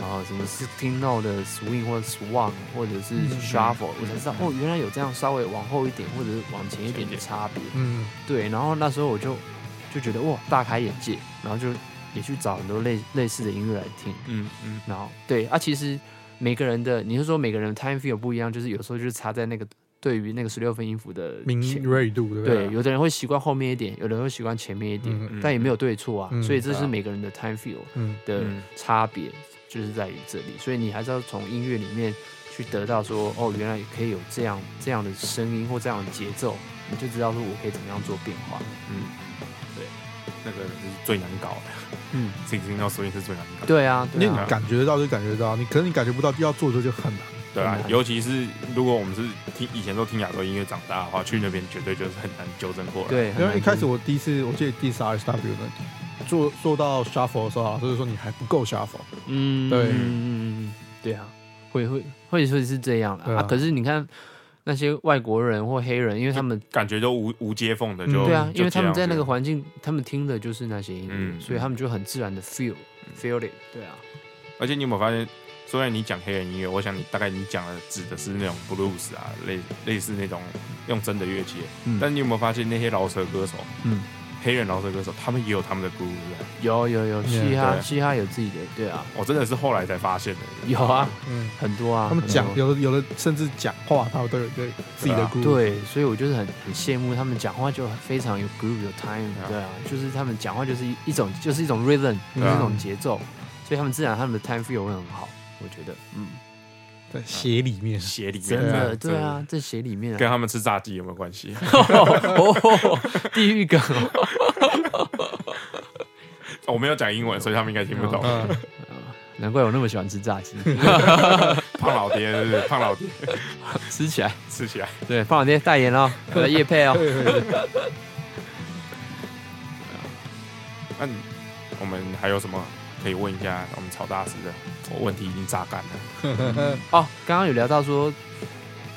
然、啊、後什麼是聽到的 swing 或者 swung 或者是 shuffle，、嗯嗯、我才知道、嗯、哦，原來有這樣稍微往後一點或者是往前一點的差別。嗯，對，嗯對，然後那時候我就就覺得哇，大開眼界，然後就也去找很多類類似的音樂來聽。嗯嗯，嗯然後對，啊，其實每個人的你是說每個人的 time feel 不一樣，就是有時候就是差在那個。對於那個十六分音符的敏銳度，對，有的人會習慣後面一點，有的人會習慣前面一點，但也沒有對錯啊，所以這是每個人的 time feel 的差別，就是在於這裡。所以你還是要從音樂裡面去得到說，哦，原來也可以有這樣這樣的聲音或這樣的節奏，你就知道說我可以怎麼樣做變化。嗯，對，那個是
最難搞的，嗯，自己聽到聲音是最難搞。對啊，那你感
覺到就感覺到，你可能你感覺不到，要做的時候就很難。對啊，
尤其是如果我們是聽以前都聽亞洲音樂長大的話，去那邊絕對就是很難糾正
過
來。對，因為一開
始我第一次，我記得第、嗯、第一次 R S W 那，做做到 shuffle 的時候，啊，老師說你還不夠 shuffle。
嗯，對，嗯嗯嗯嗯，對啊，會會會會是這樣的啊，啊。可是你看那些外國人或黑人，因為他們感覺都無無接縫的就，就、嗯、對啊，因為他們在那個環境，他們聽的就是那些音樂，嗯、所以他們就很自然的 feel feel it。對啊，
而且你有沒有發現？雖然你講黑人音樂，我想你大概你講的指的是那種 blues 啊，類類似那種用真的樂器。但你有沒有發現那些饒舌歌手，嗯，黑人饒舌歌手，他們也有他們的 groove，有有有嘻哈，嘻
哈有自己的對啊。我真的是後來才發現的。有啊，嗯，很多啊。他們講有的有
的甚至講話，他們都有對
自己的 groove。對，所以我就是很很羨慕他們講話就非常有 groove，有 time。對啊，就是他們講話就是一種就是一種 rhythm，一種節奏，所以他們自然他們的 time feel 會很好。我覺得，
嗯，在
鞋裡面，鞋、啊、裡面啊，對啊，在鞋裡面、啊、跟他們吃
炸雞有沒有關係、？ <laughs> <laughs> 喔哦？地獄梗
<laughs> 、
哦，我沒有講英文，所以他們應該聽不懂、 <laughs> 嗯 okay. 嗯。
難怪我那麼喜歡吃炸雞。 <laughs> 胖老爹，對 <laughs> 來對，胖老爹，吃起來，吃起來，對，胖老爹代言了、哦，來業 <laughs> 配哦。
那
我
們還有什麼可以問一下我們曹大師的？問題已經榨乾
了。哦，剛剛有聊到說，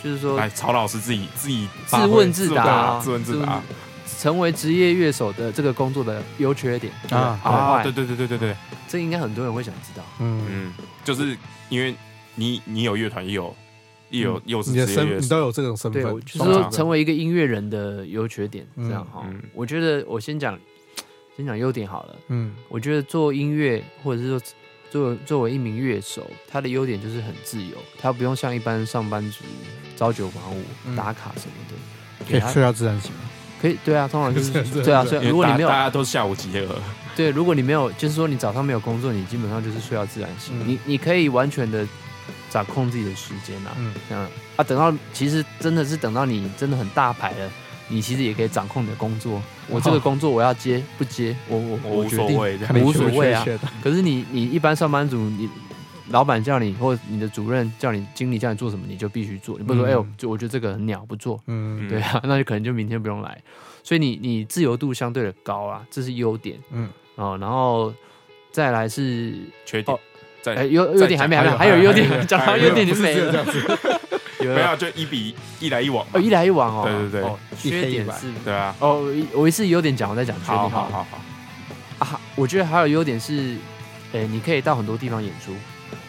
就是說，哎，曹老師自己自己自問自答，自問自答，成為職業樂手的這個工作的優缺點啊，啊，對
對對對對對，
這應該很多人會想知道。嗯
嗯，就是因為你你有樂團，有
有有職業樂手都有這種身份。對，就是
說成為一個音樂人的優缺點這樣哈。我覺得我先講先講優點好了。嗯，我覺得做音樂或者是說。作作為一名樂手，他的優點就是很自由，他不用像一般上班族朝九晚五，嗯、打卡什麼的，可以他睡到自然醒，可以對啊，通常就是對啊，所以如果你沒有，大家都是下午集合，對，如果你沒有，就是說你早上沒有工作，你基本上就是睡到自然醒，嗯、你你可以完全的掌控自己的時間啊。嗯啊，等到其實真的是等到你真的很大牌了，你其實也可以掌控你的工作，我這個工作我要接不接，我我我我我，我，我，我，無所謂啊。可是你你一般上班族，你老闆叫你，或你的主任叫你，經理叫你做什麼，你就必須做。你不說哎，我我覺得這個很鳥不做，嗯，對啊，那就可能就明天不用來。所以你你自由度相對的高啊，這是優點，嗯，哦，然後再來是缺點，優，優，優，點還沒，還有優，點，優，優，優，點優，沒了。
沒有，就一比一來一往哦，一來一往哦。對對對。缺
點是。對啊。哦，我一次優點講，我再講缺點。好好好。啊，我覺得還有優點是，哎，你可以到很多地方演出。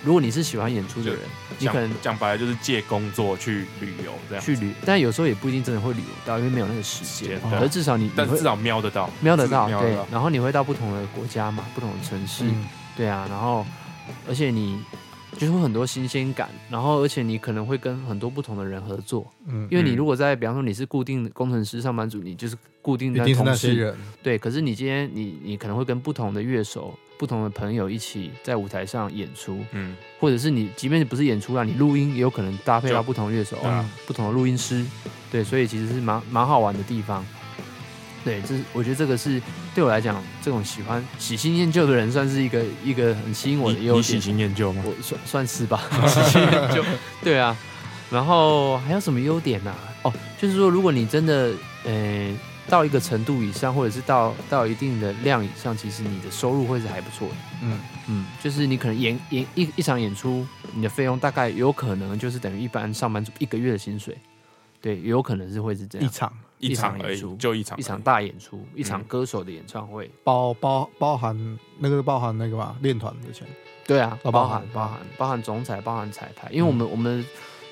如果你是喜歡演出的人，你可能
講白了就是借工作去旅遊，這樣。去旅，
但有時候也不一定真的會旅遊到，因為沒有那個時間。對。至少你，但至少
瞄得到，瞄得到，瞄得到。對，然
後你會到不同的國家嘛，不同的城市。對啊，然後，而且你。就是會很多新鮮感，然後而且你可能會跟很多不同的人合作，嗯，因為你如果在，嗯、比方說你是固定工程師、上班族，你就是固定的同事。一定是那些人，對。可是你今天你你可能會跟不同的樂手、不同的朋友一起在舞台上演出，嗯，或者是你即便不是演出啊，你錄音也有可能搭配到不同的樂手、對啊、不同的錄音師，對。所以其實是蠻蠻好玩的地方。對，這是我覺得這個是對我來講，這種喜歡喜新厭舊的人算是一個一個很吸引我的優點。你喜新厭舊嗎？我算算是吧，喜新厭舊。 <laughs> 對啊，然後還有什麼優點呢、啊？哦，就是說如果你真的呃到一個程度以上，或者是到到一定的量以上，其實你的收入會是還不錯的。嗯嗯，就是你可能演演一一場演出，你的費用大概有可能就是等於一般上班族一個月的薪水，對，有可能是會是這樣。一場。一場演出就一場，一場大演出，一場歌手的演唱會，
包包包含那個包含那個吧，練團的錢。
對啊，包含包含包含總彩包含彩排，因為我們我們的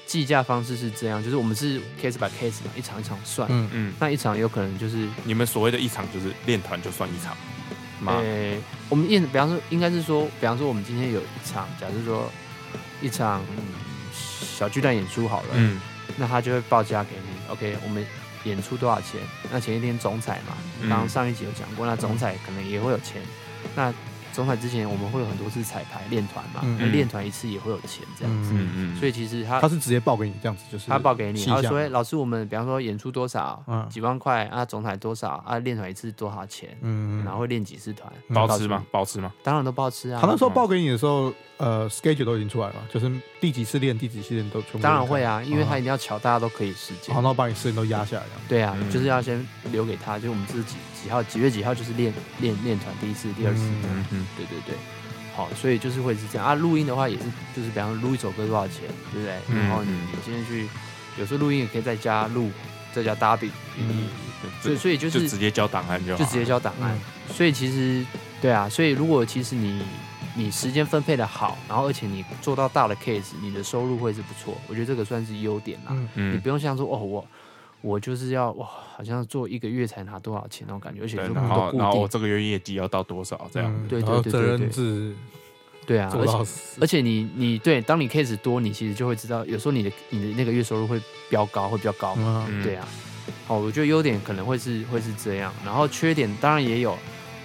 計價方式是這樣，就是我們是 case by case 嘛，一場一場算。嗯嗯。那一場有可能就是
你們所謂的“一場”，就是練團就算一場
嗎？對。我們演，比方說，應該是說，比方說，我們今天有一場，假設說一場小巨蛋演出好了，嗯，那他就會報價給你。OK，我們。演出多少錢？那前一天總彩嘛，剛上一集有講過，嗯、那總彩可能也會有錢。那總彩之前我們會有很多次彩排練團嘛，練團、嗯、一次也會有錢這樣子。嗯嗯嗯嗯、所以其實他他是直接報給你這樣子，就是他報給你，他說、欸：“老師，我們比方說演出多少、嗯、幾萬塊啊，總彩多少啊，練團一次多少錢？嗯，嗯然後會練幾次團，包吃嗎？包吃嗎？當然都包吃啊。他那時候
報給你的時候。”呃，schedule 都已經出來了，就是第幾次練，第幾次練都全了。當然會啊，因為他一
定要喬大家都可以時間。
好，那我把你時間都壓下來了。對啊，就是
要先留給他，就我們自己幾號，幾月幾號就是練練練團第一次，第二次，嗯嗯，對對對。好，所以就是會是這樣啊。錄音的話也是，就是比方錄一首歌多少錢，對不對？然後你今天去，有時候錄音也可以在家錄，在家 dubbing，所以所以就是直接交檔案就好，就直接交檔案。所以其實，對啊，所以如果其實你。你時間分配的好，然後而且你做到大的 case，你的收入會是不錯。我覺得這個算是優點啦。嗯、你不用像說哦，我我就是要哇，好像做一個月才拿多少錢那種感覺，而且就很多固定。然後然後我這
個月業績要到多少這樣？嗯、對,對對對對對。責任制。
對啊而且，而且你你對，當你 case 多，你其實就會知道，有時候你的你的那個月收入會飆高，會比較高。嗯啊對啊。嗯、好，我覺得優點可能會是會是這樣，然後缺點當然也有。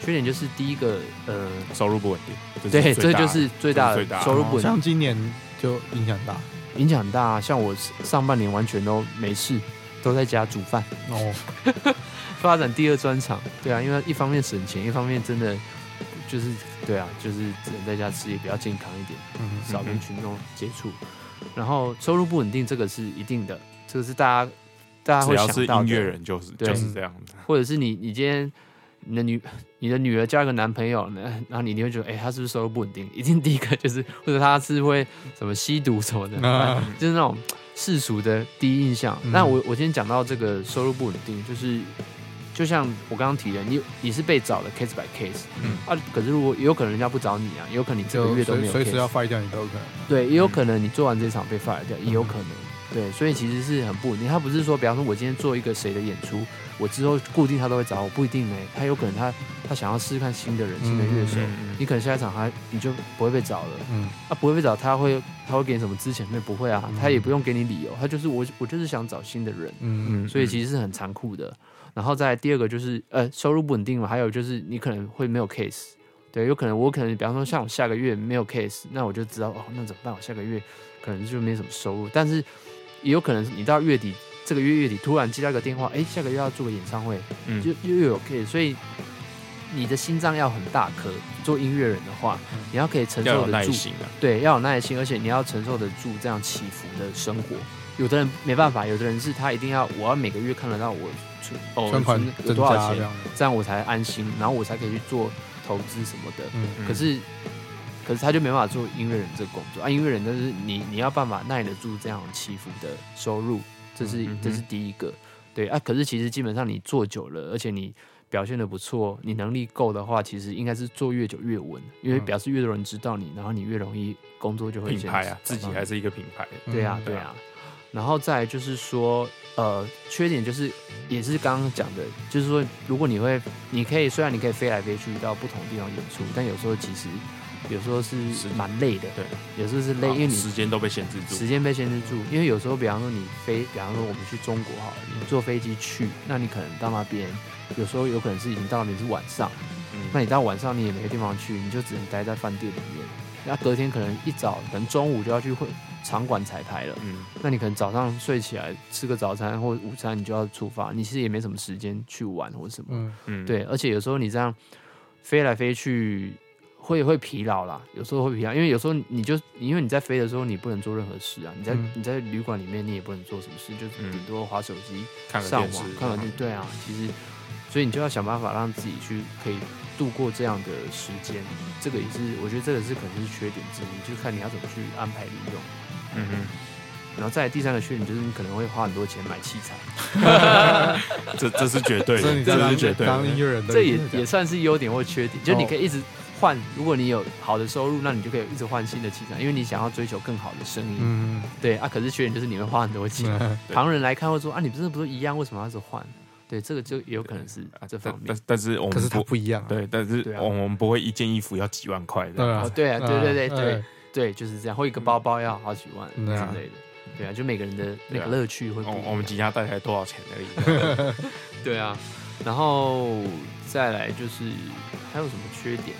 缺點就是第一個，呃，收入不穩定。對，這就是最大的。大的嗯、收入不穩定，像今年就影響很大，影響很大。像我上半年完全都沒事，都在家煮飯。哦。 <laughs> 發展第二專長。對啊，因為一方面省錢，一方面真的就是對啊，就是只能在家吃也比較健康一點，嗯、少跟群眾接觸。嗯、然後收入不穩定，這個是一定的。這個是大家大家會想到的。只要是音樂人就是對就是這樣、嗯、或者是你你今天。你的女，你的女兒交一個男朋友呢？然後你你會覺得，哎、欸，他是不是收入不穩定？一定第一個就是，或者他是會什麼吸毒什麼的，啊啊、就是那種世俗的第一印象。嗯、那我我今天講到這個收入不穩定，就是就像我剛剛提的，你你是被找的，case by case，嗯啊，可是如果也有可能人家不找你啊，有可能你這個月都沒有 case，隨時要 fire
掉你都、啊，都有可
能，對，也有可能你做完這場被 fire 掉，也有可能，嗯、對，所以其實是很不穩定。他不是說，比方說，我今天做一個誰的演出。我之後固定他都會找我，不一定呢、欸。他有可能他他想要試試看新的人，新的樂手，嗯嗯、你可能下一場他你就不會被找了，嗯，他不會被找，他會他會給你什麼之前那不會啊，嗯、他也不用給你理由，他就是我我就是想找新的人，嗯嗯，所以其實是很殘酷的。嗯嗯、然後再來第二個就是呃收入不穩定嘛，還有就是你可能會沒有 case，對，有可能我可能比方說像我下個月沒有 case，那我就知道哦那怎麼辦？我下個月可能就沒什麼收入，但是也有可能你到月底。這個月月底突然接到一個電話，哎，下個月要做個演唱會，嗯、就又有 K，、OK，所以你的心臟要很大顆。做音樂人的話，嗯、你要可以承受得住，耐心啊、對，要有耐心，而且你要承受得住這樣起伏的生活。有的人沒辦法，有的人是他一定要，我要每個月看得到我、哦、算款存存存多少錢，量量這樣我才安心，然後我才可以去做投資什麼的。嗯、可是，嗯、可是他就沒辦法做音樂人這個工作啊！音樂人就是你，你要辦法耐得住這樣起伏的收入。這是、嗯、哼這是第一個，對啊。可是其實基本上你做久了，而且你表現得不錯，你能力夠的話，其實應該是做越久越穩，因為表示越多人知道你，嗯、然後你越容易工作就會。品牌啊，自己還是一個品
牌。嗯、對啊，對啊。對啊，
然後再就是說，呃，缺點就是也是剛剛講的，就是說，如果你會，你可以雖然你可以飛來飛去到不同地方演出，但有時候其實。有時候是蠻累的，對，有時候是累，因為你時
間都被限制住，時
間被限制住。因為有時候，比方說你飛，比方說我們去中國好了，你坐飛機去，那你可能到那邊，有時候有可能是已經到那邊是晚上，嗯，那你到晚上你也沒地方去，你就只能待在飯店裡面。那、啊、隔天可能一早，可能中午就要去會場館彩排了，嗯，那你可能早上睡起來吃個早餐或午餐，你就要出發，你其實也沒什麼時間去玩或者什麼，嗯，對，而且有時候你這樣飛來飛去。會會疲勞啦，有時候會疲勞，因為有時候你就因為你在飛的時候你不能做任何事啊，你在你在旅館裡面你也不能做什麼事，就頂多滑手機、上網、看電視，對啊，其實所以你就要想辦法讓自己去可以度過這樣的時間，這個也是我覺得這個是可能是缺點之一，就是看你要怎麼去安排利用。嗯哼，然後再來第三個缺點就是你可能會花很多錢買器材，這這是絕對，這是絕對。當音樂人這也也算是優點或缺點，就是你可以一直。換，如果你有好的收入，那你就可以一直換新的器材，因為你想要追求更好的聲音。對啊，可是缺點就是你會花很多錢。旁人來看會說啊，你真的不是一樣，為什麼要一直換？對，這個就也有可能是啊這方面。但
是但是我們不不一樣。對，但是我們不會一件衣服要幾萬塊的。對啊，對對對對
對，就是這樣。或一個包包要好幾萬之類的。對啊，就每個人的那個樂趣會不一樣，我們幾家帶來多少錢而已。對啊，然後再來就是還有什麼缺點？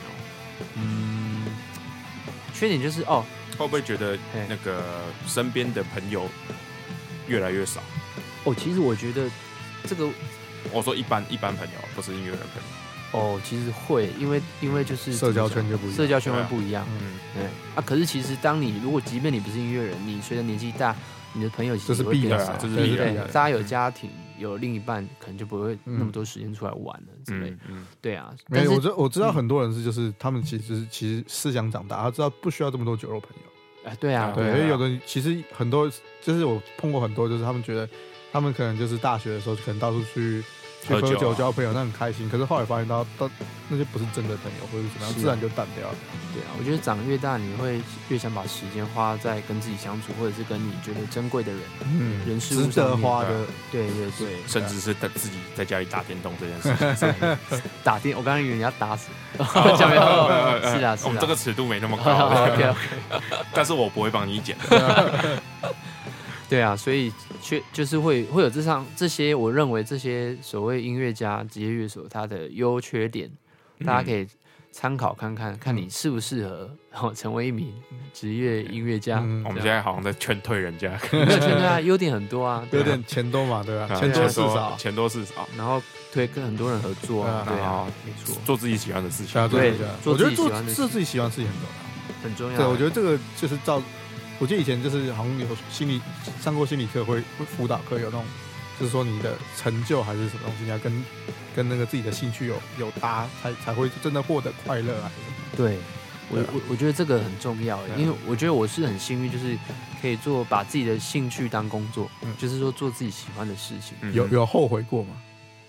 嗯，缺點就是哦，會不會覺得那個身邊的朋友越來越少？
哦，其實我覺得這個，
我說一般一般朋
友，不是音樂人朋友。哦，其實會，因為因為就是社交圈就不一樣，社交圈會不一樣。有對嗯，對啊，可是其實當你如果即便你不是音樂人，你隨着年紀大，你的朋友其實會變少。對對對，大家對有家庭。有另一半，可能就不會那麼多時間出來玩了之類嗯。嗯，嗯，對啊。沒有，我知
我知道很多人是，就是他們其實其實思想長大，嗯、他知道不需要這麼多酒肉朋友。哎、欸，對啊，對。對啊、所以有的其實很多，就是我碰過很多，就是他們覺得他們可能就是大學的時候，可能到處去。去喝酒交朋友，那很開心。可是後來發現，他他那些不是真的朋友，或者怎麼樣，自然就
淡掉了。對啊，我覺得長越大，你會越想把時間花在跟自己相處，或者是跟你覺得珍貴的人、人是值得花的。對對對，甚至
是在自己在家裡打電動這件事
情。打電，我剛剛以為你要打死，是啊，我們這個尺度沒那麼高。
但是，我不會幫你剪。
對啊，所以。缺就是會會有這上這些，我認為這些所謂音樂家、職業樂手，他的優缺點，大家可以參考看看，看你適不適合然後成為一名職業音樂家。我們現在
好像在勸退人家，沒有勸退啊，優點
很多啊，優點錢多嘛，對吧？錢多事少，
錢多事少，然
後推，跟很多
人合作啊，對，沒錯，做自己喜歡的事情，對，我覺得做做自
己喜歡的事情很重要，對，我覺
得這個就是照。我記得以前就是好像有心理上過心理課會，會輔導課有那種，就是說你的成就還是什麼東西，你要跟跟那個自己的興趣有有搭，才才會真的獲得快樂啊。對，我對、啊、
我
我覺得這個很重要，啊、因為我覺得我是很幸運，就是可以做把自己的興趣當工作，嗯、就是說做自己喜歡的事情。有、嗯、有後悔過嗎？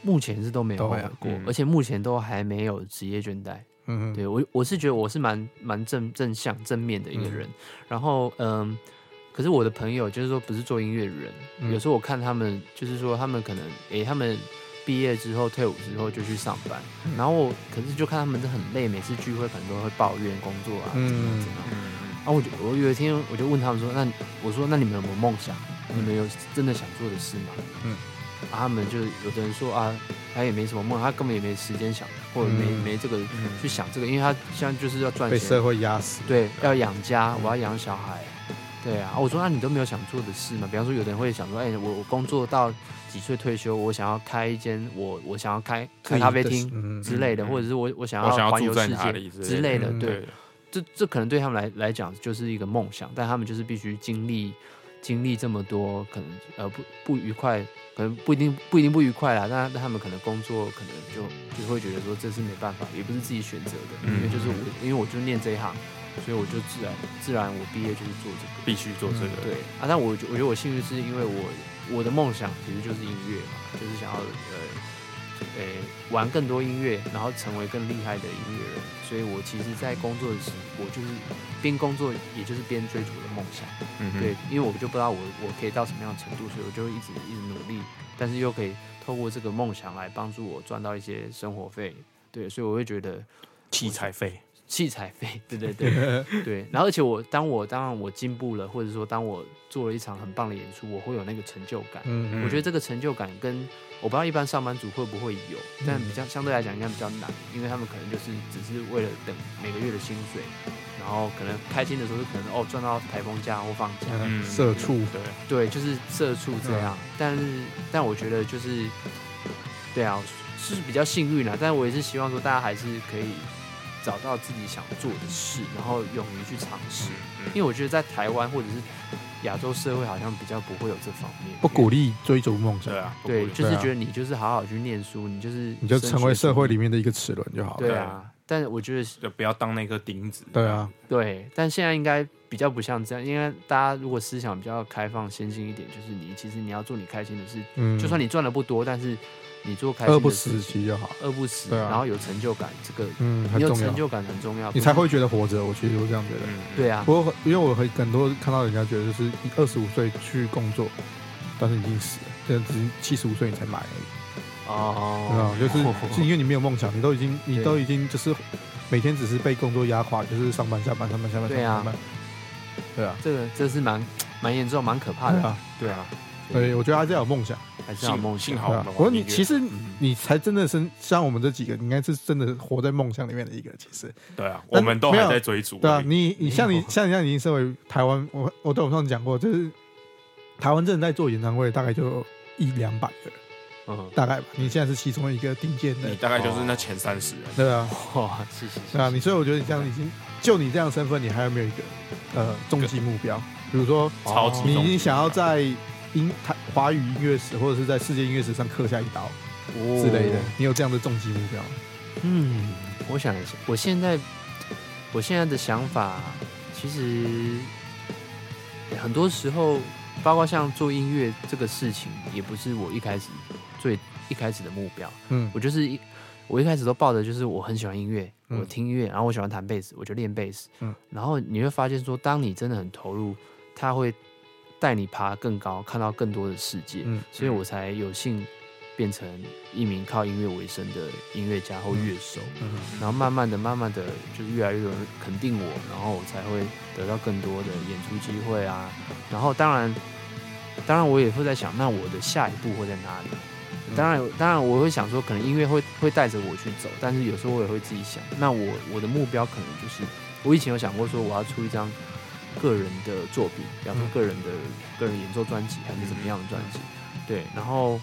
目前是都沒有後悔過，啊、而且目前都還沒有職業倦怠。嗯，對我我是覺得我是蠻蠻正正向正面的一個人，嗯、哼然後嗯、呃，可是我的朋友就是說不是做音樂人，嗯、哼有時候我看他們就是說他們可能誒、欸，他們畢業之後退伍之後就去上班，嗯、哼然後我可是就看他們都很累，每次聚會可能都會抱怨工作啊，嗯哼，後、嗯哼啊、我就我有一天我就問他們說，那我說那你們有沒有夢想？嗯、哼你們有真的想做的事嗎？嗯。啊、他們就有的人說啊，他也沒什麼夢，他根本也沒時間想，或者沒、嗯、沒這個、嗯、去想這個，因為他現在就是要賺錢，被社會壓死。對，要養家，嗯、我要養小孩。對啊，我說那、啊、你都沒有想做的事嘛？比方說，有的人會想說，哎，我我工作到幾歲退休，我想要開一間我我想要開咖啡廳之類的，對或者是我我想要環遊世界之類的。類的嗯、對，對這這可能對他們來來講就是一個夢想，但他們就是必須經歷經歷這麼多，可能呃不不愉快。可能不一定，不一定不愉快啦，但他們可能工作可能就就會覺得說，這是沒辦法，也不是自己選擇的，因為就是我，因為我就念這一行，所以我就自然自然我畢業就是做這個，必須做這個，嗯、對啊，但我覺得我覺得我幸運是因為我我的夢想其實就是音樂嘛，就是想要。呃。誒、欸，玩更多音樂，然後成為更厲害的音樂人。所以我其實，在工作的時候，我就是邊工作，也就是邊追逐的夢想。嗯哼，對，因為我就不知道我我可以到什麼樣的程度，所以我就一直一直努力。但是又可以透過這個夢想來幫助我賺到一些生活費。對，所以我會覺得，器材費。器材費，對對對對，然後而且我當我當然我進步了，或者說當我做了一場很棒的演出，我會有那個成就感。嗯嗯，我覺得這個成就感跟我不知道一般上班族會不會有，但比較相對來講應該比較難，因為他們可能就是只是為了等每個月的薪水，然後可能開心的時候就可能哦賺到台風假或放假。嗯、嗯，社畜對。觸對對，就是社畜這樣。嗯、但是但我覺得就是，對啊，是比較幸運啦。但是我也是希望說大家還是可以。找到自己想做的事，然後勇於去嘗試。嗯，因為我覺得在台灣或者是亞洲社會，好像比較不會有這方面，不
鼓勵追逐夢想。對啊，對，就是覺得
你就是好好去念書，你就是你，你就成為社
會裡面的一個齒輪就好了。對啊，
對但是我覺得就不要當那個釘子。對啊，對，啊對，但現在應該。比較不像這樣，因為大家如果思想比較開放、先進一點，就是你其實你要做你開心的事，就算你賺的不多，但是你做開心的事，餓不死其實就好，餓不死，然後有成就感，這個嗯很重要，成就感很重要，你才會
覺得活着，我其實會這樣覺得，對啊。不過因為我很多看到人家覺得就是二十五歲去工作，但是已經死了，現在只是七十五歲你才買而已，哦，對
啊，就是是因
為你沒有夢想，你都已經你都已經就是每天只是被工作壓垮，就是上班下
班上班下班對啊。對啊，這個這是蠻蠻嚴重、蠻可怕的啊！
對啊，對，我覺得還是要有夢想，還是要有夢。幸好我說你其實你才真的是像我們這幾個，應該是真的活在夢想裡面的一個。其實，對
啊，我們都還在追逐。對啊，
你你像你像你已經身為台灣，我我對我上次講過，就是台灣正在做演唱會，大概就一兩百個，嗯，大概吧。你現在是其中一個頂尖的，你大概就是那
前三十。對啊，哇，謝謝。對啊，你所以我覺得你這樣已經。
就你這樣的身份，你還有沒有一個，呃，終極目標？比如說，哦、你已經想要在音台華語音樂史或者是在世界音樂史上刻下一刀之類的，哦、你有這樣的
終極目標？嗯，我想一下，我現在我現在的想法，其實很多時候，包括像做音樂這個事情，也不是我一開始最一開始的目標。嗯，我就是一我一開始都抱著就是我很喜歡音樂。我聽音樂，然後我喜歡彈貝斯，我就練貝斯。嗯，然後你會發現說，當你真的很投入，他會帶你爬更高，看到更多的世界。嗯，所以，我才有幸變成一名靠音樂為生的音樂家或樂手。嗯，然後慢慢的、嗯、慢慢的，就是越來越有人肯定我，然後我才會得到更多的演出機會啊。然後，當然，當然，我也會在想，那我的下一步會在哪裡？當然，當然，我會想說，可能音樂會會帶着我去走，但是有時候我也會自己想，那我我的目標可能就是，我以前有想過說，我要出一張個人的作品，比方說個人的、嗯、個人演奏專輯還是怎麼樣的專輯，嗯、對，然後，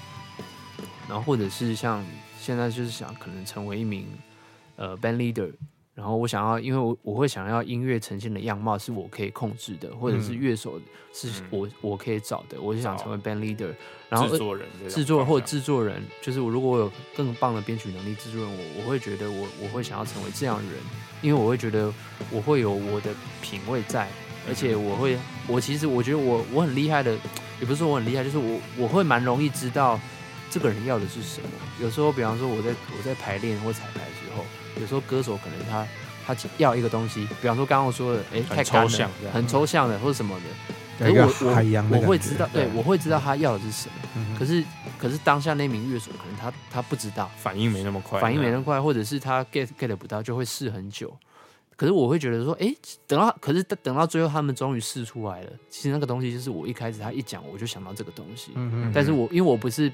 然後或者是像現在就是想可能成為一名呃 band leader。然後我想要，因為我我會想要音樂呈現的樣貌是我可以控制的，或者是樂手是我、嗯、我可以找的，我就想成為 band leader，然後制作人制作或者制作人，就是我如果我有更棒的編曲能力，制作人我我會覺得我我會想要成為這樣的人，因為我會覺得我會有我的品味在，而且我會我其實我覺得我我很厲害的，也不是說我很厲害，就是我我會蠻容易知道這個人要的是什麼，有時候比方說我在我在排練或彩排之後。有時候歌手可能他他要一個東西，比方說剛剛我說的，哎、欸，太抽象，很，很抽象的或者什麼的。嗯、可是我我，我我會知道，對，我會知道他要的是什麼。嗯、哼可是可是當下那名樂手可能他他不知道，反應沒那麼快，反應沒那麼快，嗯啊、或者是他 get get 不到，就會試很久。可是我會覺得說，哎，等到可是等到最後他們終於試出來了，其實那個東西就是我一開始他一講我就想到這個東西。嗯哼哼，但是我因為我不是。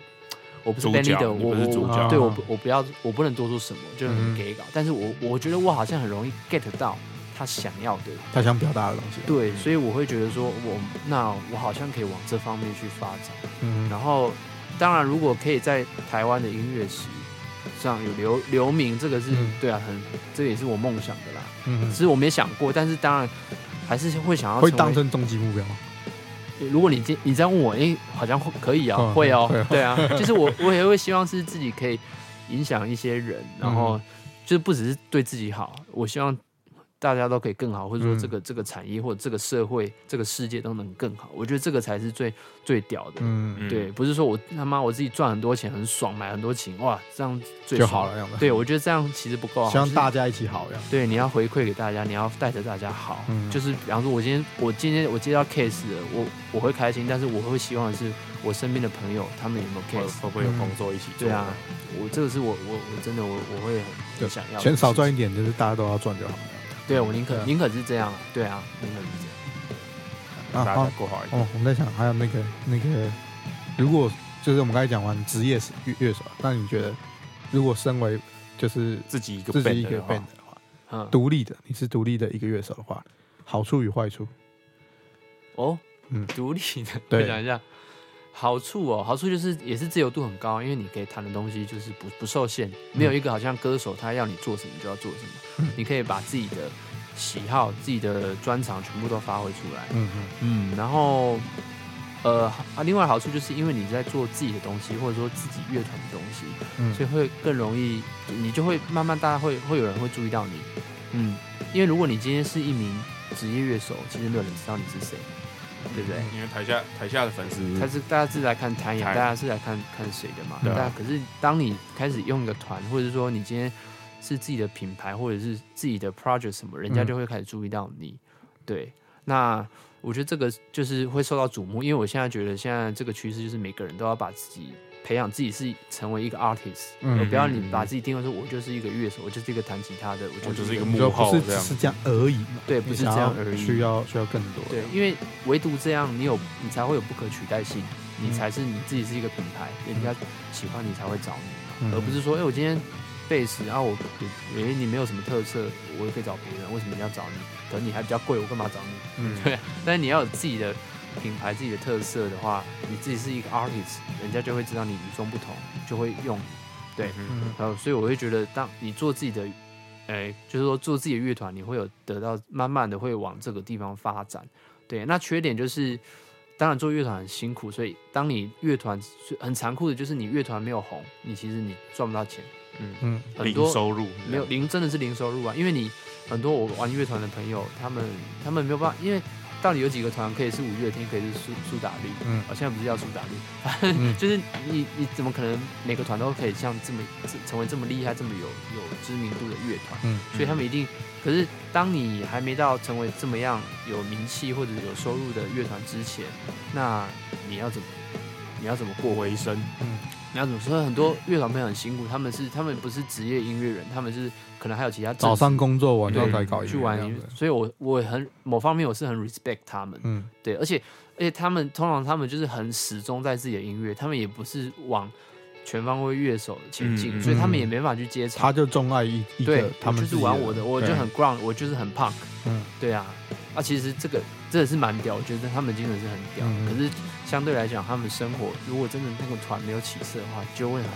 我不是主角，我不是主角，對我，我不要，我不能多做什麼，就是給稿。但是我，我覺得我好像很容易 get 到他想要的，他想表達的東西。對，所以我會覺得說，我那我好像可以往這方面去發展。嗯。然後，當然，如果可以在台灣的音樂史上有留留名，這個是對啊，很這也是我夢想的啦。嗯。其實我沒想過，但是當然還是會想要會當成
終極目標嗎？
如果你這你這樣問我，哎、欸，好像會可以啊、喔，會哦，會喔、對啊， <laughs> 就是我我也會希望是自己可以影響一些人，然後、嗯、就是不只是對自己好，我希望。大家都可以更好，或者說這個這個產業或者這個社會、這個世界都能更好，我覺得這個才是最最屌的。嗯嗯。對，不是說我他媽我自己賺很多錢很爽，買很多琴哇，這樣最好了，對我覺得這樣其實不夠，希望大家
一起好。
對，你要回饋給大家，你要帶着大家好。就是比方說，我今天我今天我接到 case，我我會開心，但是我會希望的是，我身邊的朋友他們有沒有 case，會不會有工作一起？對啊，我這個是我我我真的我我會很想要，錢少賺一
點，就是大家都要賺就好了。
對，我寧可寧可是這樣，對啊，
寧可是這樣。啊，好，哦，我在想，還有那個那個，如果就是我們剛才講完職業樂手，那你覺得，如果身為就是自己一個自己一個 band 的話，嗯，獨立的，你是獨立的一個樂手的話，好處與壞處？
哦，嗯，獨立的，對。我想一下。好處哦，好處就是也是自由度很高，因為你可以彈的東西就是不不受限，沒有一個好像歌手他要你做什麼就要做什麼，嗯、你可以把自己的喜好、自己的專長全部都發揮出來。嗯嗯嗯。嗯，然後，呃啊，另外好處就是因為你在做自己的東西，或者說自己樂團的東西，嗯、所以會更容易，就你就會慢慢大家會會有人會注意到你。嗯，因為如果你今天是一名職業樂手，其實沒有人知道你是誰。對不
對？因為台下台下的粉絲，他是、嗯、
大家是來看台演，台大家是來看看誰的嘛。對大家可是，當你開始用一個團，或者是說你今天是自己的品牌，或者是自己的 project 什麼，人家就會開始注意到你。嗯、對，那我覺得這個就是會受到矚目，因為我現在覺得現在這個趨勢就是每個人都要把自己。培養自己是成為一個 artist，嗯，不要你把自己定位說，我就是一個樂手，嗯、我就是一個彈吉他的，我就是一個幕後是只是這樣而已嘛？對，不是這樣而已，需要
需要更多。對，
因為唯獨這樣，你有你才會有不可取代性，嗯、你才是你自己是一個品牌，人家喜歡你才會找你，嗯、而不是說，哎、欸，我今天 bass，然後我，哎、欸，你沒有什麼特色，我也可以找別人，為什麼你要找你？可能你還比較貴，我幹嘛找你？嗯，
對，
但是你要有自己的。品牌自己的特色的話，你自己是一個 artist，人，人家就會知道你與眾不同，就會用你。對，然後、嗯、哼所以我會覺得，當你做自己的，哎、欸，就是說做自己的樂團，你會有得到慢慢的會往這個地方發展。對，那缺點就是，當然做樂團很辛苦，所以當你樂團很殘酷的就是你樂團沒有紅，你其實你賺不到錢。嗯
嗯，很多零收入沒有
零，真的是零收入啊，因為你很多我玩樂團的朋友，他們他們沒有辦法，因為。到底有幾個團可以是五月天，可以是蘇蘇打綠？嗯，好像不是叫蘇打綠， <laughs> 就是你，你怎麼可能每個團都可以像這麼成為這麼厲害、這麼有有知名度的樂團，嗯？嗯，所以他們一定。可是，當你還沒到成為這麼樣有名氣或者有收入的樂團之前，那你要怎麼？你要怎麼過回一生？嗯。那怎麼說？很多樂團朋友很辛苦，他們是他們不是職業音樂人，他們是可能還有其他早上工作完就可以，晚上改搞去玩音樂。對所以我，我我很某方面我是很 respect 他們。嗯，對，而且而且他們通常他們就是很始終在自己的音樂，他們也不是往全方位樂手前進，嗯、所以他們也沒法去接場。他就鍾愛一對，他們就是玩我的，我就很 ground 對我就是很 punk。嗯，對啊，啊，其實這個。真的是蠻屌，我覺得他們的精神是很屌。嗯。可是相對來講，他們生活，如果真的那個團沒有起色的話，就會很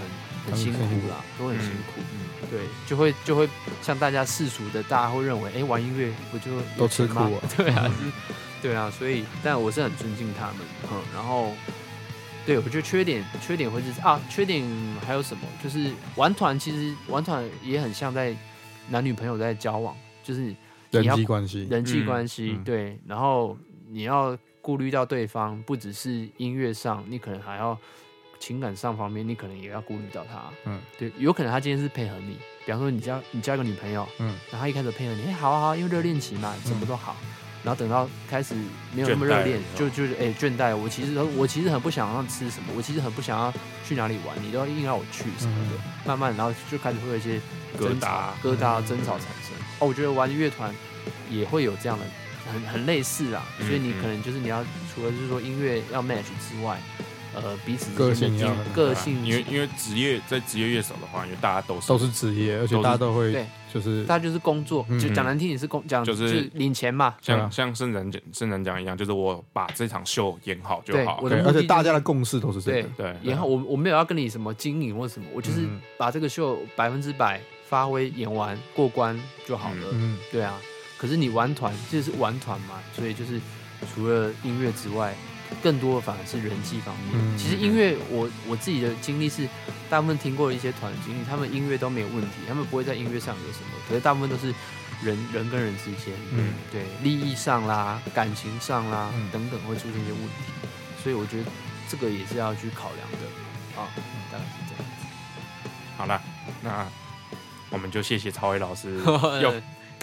很，很辛苦啦，苦都會很辛苦。嗯，嗯。對，就會就會像大家世俗的，大家會認為，哎、欸，玩音樂不就都吃苦啊？對啊， <laughs> 對啊。所以，但我是很尊敬他們。嗯。然後，對，我覺得缺點缺點會是啊，缺點還有什麼？就是玩團其實玩團也很像在男女朋友在交往，就是。人際關係，嗯、人際關係，嗯嗯、對，然後你要顧慮到對方，不只是音樂上，你可能還要情感上方面，你可能也要顧慮到他。嗯，對，有可能他今天是配合你，比方說你交你交個女朋友，嗯，然後他一開始配合你，哎、欸，好啊好啊，因為熱戀期嘛，嗯、什麼都好，然後等到開始沒有那麼熱戀，就就是哎，倦怠，我其實我其實很不想要吃什麼，我其實很不想要去哪裡玩，你都要硬要我去什麼的，嗯、慢慢然後就開始會有一些疙瘩疙瘩爭吵產生。嗯哦，我覺得玩樂團也會有這樣的，很很類似啊，所以你可能就是你要除了就是說音樂要 match 之外，呃，彼此個性要個性，因為因為職業在職業樂手的話，因為大家都都是職業，而且大家都會對，就是大家就是工作，就講難聽也是工講就是領錢嘛，
像像聖人講聖人講一樣，就是我把這場秀演好就好，對，而且大家
的共識都是這樣。對，然後我我沒有要跟你什麼經營或什麼，我就是把這個秀百分之百。發揮、演完、過關就好了。嗯，嗯對啊。可是你玩團就是玩團嘛，所以就是除了音樂之外，更多的反而是人際方面。嗯、其實音樂，我我自己的經歷是，大部分聽過的一些團的經歷，他們音樂都沒有問題，他們不會在音樂上有什麼。可是大部分都是人人跟人之間，嗯，對，利益上啦、感情上啦、嗯、等等會出現一些問題。所以我覺得這個也是要去考量的。啊，嗯、大概是這樣子。好了，那。
我們就謝謝曹瑋老師，又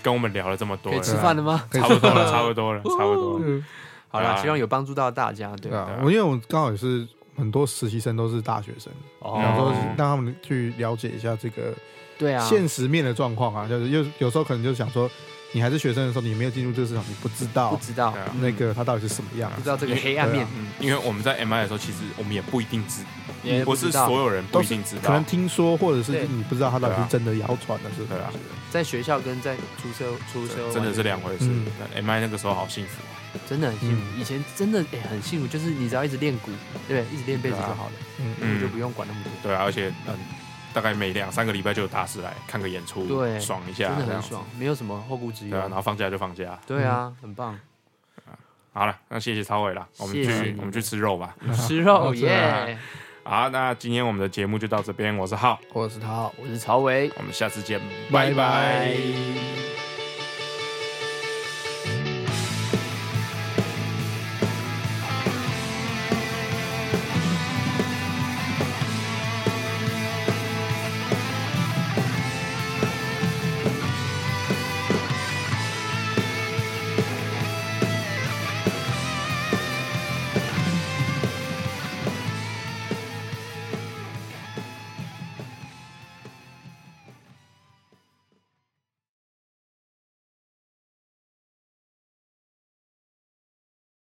跟我們聊了這麼多了， <laughs> 可以吃飯了嗎？差不
多了，差不
多了，差不多了。 <laughs> 嗯、好啦，希望吧有幫助到大家。對，對啊，
我因為我剛好也是很多實習生都是大學生，啊、然後說讓他們去了解一下這個，啊、現實面的狀況啊，就是有有時候可能就想說。你還是學生的時候，你沒有進入這個市場，你不知道，不知道那個它到底是什麼樣，不知道這個黑暗面。
因為我們在 MI 的時候，其實我們也不一定知，也不是所有人不一定知道，可能聽
說，或者是你不知道它到底是
真的謠傳的是對啊。在學校跟在出車出車真的是兩回事。
MI 那個時候好幸福
啊，真的很幸福。以前真的哎很幸福，就是你只要一直練鼓，對，一直練貝斯就好了，嗯嗯，你就不用管那麼
多。對啊，而且嗯。大概每兩三個禮拜就有大師來看個演出，對，爽一下，真的很爽，
沒有什麼後顧之憂。對啊，然後放假就放假，對啊，很棒。
好了，那謝謝曹瑋了，我們去我們去吃肉吧，吃肉耶！好，那今天我們的節目就到這邊，我是浩，我是濤，我是曹瑋，我們下次見，拜拜。